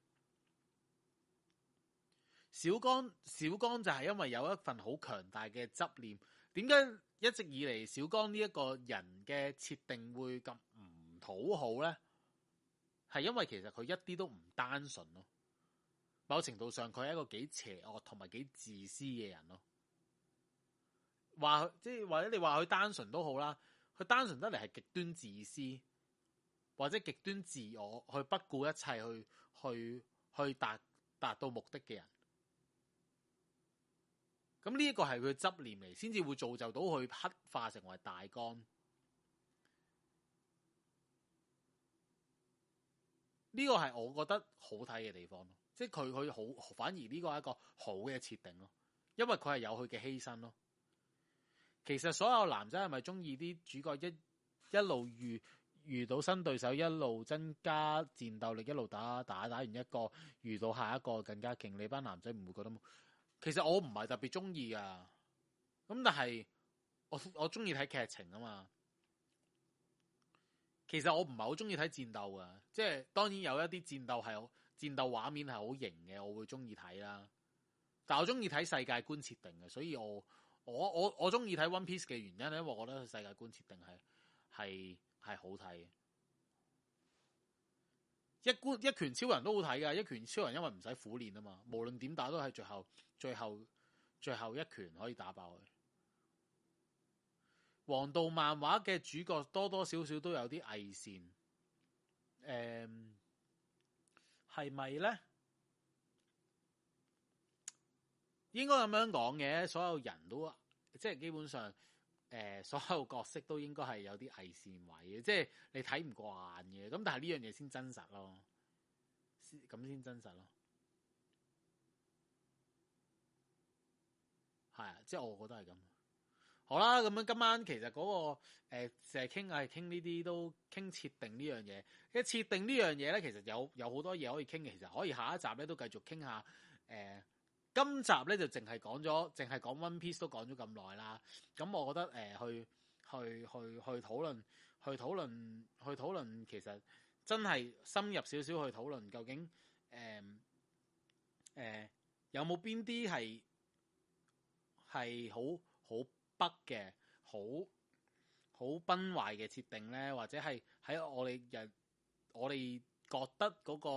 小江，小江就係因為有一份好強大嘅執念。點解一直以嚟，小江呢一個人嘅設定會咁唔討好呢？係因為其實佢一啲都唔單純咯。某程度上，佢係一個幾邪惡同埋幾自私嘅人咯。話、就是，即係或者你話佢單純都好啦。佢單純得嚟，係極端自私或者極端自我，去不顧一切去去去達達到目的嘅人。咁呢一個係佢嘅執念嚟，先至會造就到佢黑化成為大乾。呢個係我覺得好睇嘅地方咯，即係佢佢好反而呢個係一個好嘅設定咯，因為佢係有佢嘅犧牲咯。其實所有男仔係咪中意啲主角一一路遇遇到新對手，一路增加戰鬥力，一路打打打完一個遇到下一個更加勁？你班男仔唔會覺得？其實我唔係特別中意噶，咁但係我我中意睇劇情啊嘛。其實我唔係好中意睇戰鬥噶，即係當然有一啲戰鬥係好，戰鬥畫面係好型嘅，我會中意睇啦。但我中意睇世界觀設定嘅，所以我。我我我中意睇《One Piece》嘅原因咧，因為我覺得佢世界觀設定係係係好睇嘅。一觀一拳超人都好睇㗎，一拳超人因為唔使苦練啊嘛，無論點打都係最後最後最後一拳可以打爆佢。王道漫畫嘅主角多多少少都有啲偽善，誒、嗯，係咪咧？應該咁樣講嘅，所有人都即係基本上，誒、呃、所有角色都應該係有啲偽善位嘅，即係你睇唔慣嘅。咁但係呢樣嘢先真實咯，咁先真實咯。係啊，即係我覺得係咁。好啦，咁樣今晚其實嗰個成日傾偈傾呢啲都傾設定呢樣嘢。即係設定呢樣嘢咧，其實有有好多嘢可以傾嘅。其實可以下一集咧都繼續傾下誒。呃今集咧就淨係講咗，淨係講《One Piece》都講咗咁耐啦。咁我覺得、呃、去去去去討論，去討論，去討論，其實真係深入少少去討論，究竟誒、呃呃、有冇邊啲係係好好北嘅，好好崩壞嘅設定咧，或者係喺我哋日，我哋覺得嗰個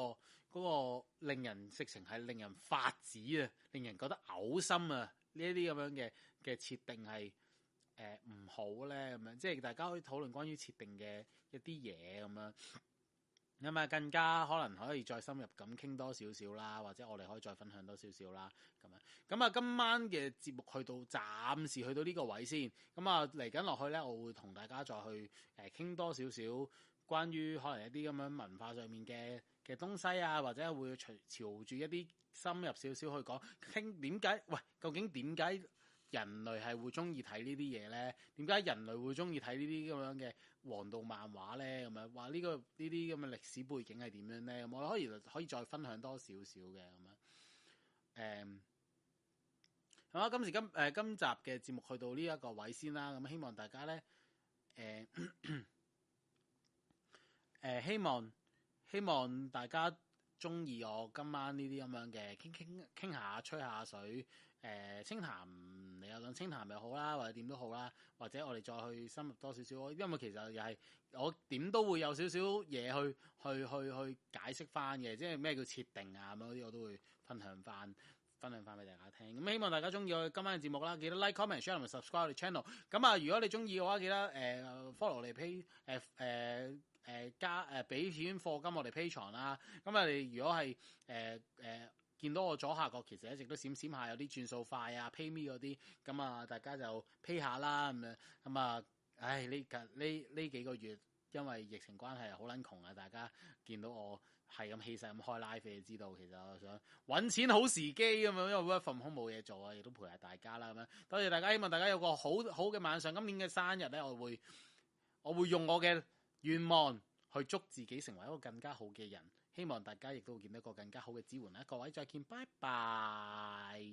嗰個令人直情係令人發指啊，令人覺得嘔心啊，呢一啲咁樣嘅嘅設定係呃唔好呢？咁樣，即係大家可以討論關於設定嘅一啲嘢咁樣，咁啊更加可能可以再深入咁傾多少少啦，或者我哋可以再分享多少少啦咁樣。咁啊今晚嘅節目去到暫時去到呢個位先，咁啊嚟緊落去呢，我會同大家再去誒傾多少少。關於可能一啲咁樣文化上面嘅嘅東西啊，或者會朝朝住一啲深入少少去講，傾點解？喂，究竟點解人類係會中意睇呢啲嘢咧？點解人類會中意睇呢啲咁樣嘅黃道漫畫咧？咁樣、這個，話！呢個呢啲咁嘅歷史背景係點樣咧？咁我哋可以可以再分享多少少嘅咁樣，誒、嗯，好啊！今時今誒今集嘅節目去到呢一個位先啦，咁希望大家咧，誒、嗯。 [coughs] 誒、呃，希望希望大家中意我今晚呢啲咁樣嘅，傾傾傾下，吹下水。誒、呃，清談你又論清談又好啦，或者點都好啦，或者我哋再去深入多少少。因為其實又係我點都會有少少嘢去去去去解釋翻嘅，即係咩叫設定啊咁嗰啲，我都會分享翻，分享翻俾大家聽。咁、呃、希望大家中意我今晚嘅節目啦，記得 like、comment、share 同埋 subscribe 我哋 channel。咁啊，如果你中意嘅話，記得誒、呃、follow 我哋 p 誒誒。呃誒、呃、加誒俾錢貨金我哋 pay 床啦，咁啊你如果係誒誒見到我左下角其實一直都閃閃下有啲轉數快啊 pay me 嗰啲，咁啊大家就 pay 下啦咁樣，咁啊唉呢近呢呢幾個月因為疫情關係好撚窮啊，大家見到我係咁氣勢咁開 live，你知道其實我想揾錢好時機咁樣，因為乜份工冇嘢做啊，亦都陪下大家啦咁樣，多謝大家，希望大家有個好好嘅晚上，今年嘅生日咧，我會我會用我嘅。願望去祝自己成為一個更加好嘅人，希望大家亦都見到一個更加好嘅支援啦。各位再見，拜拜。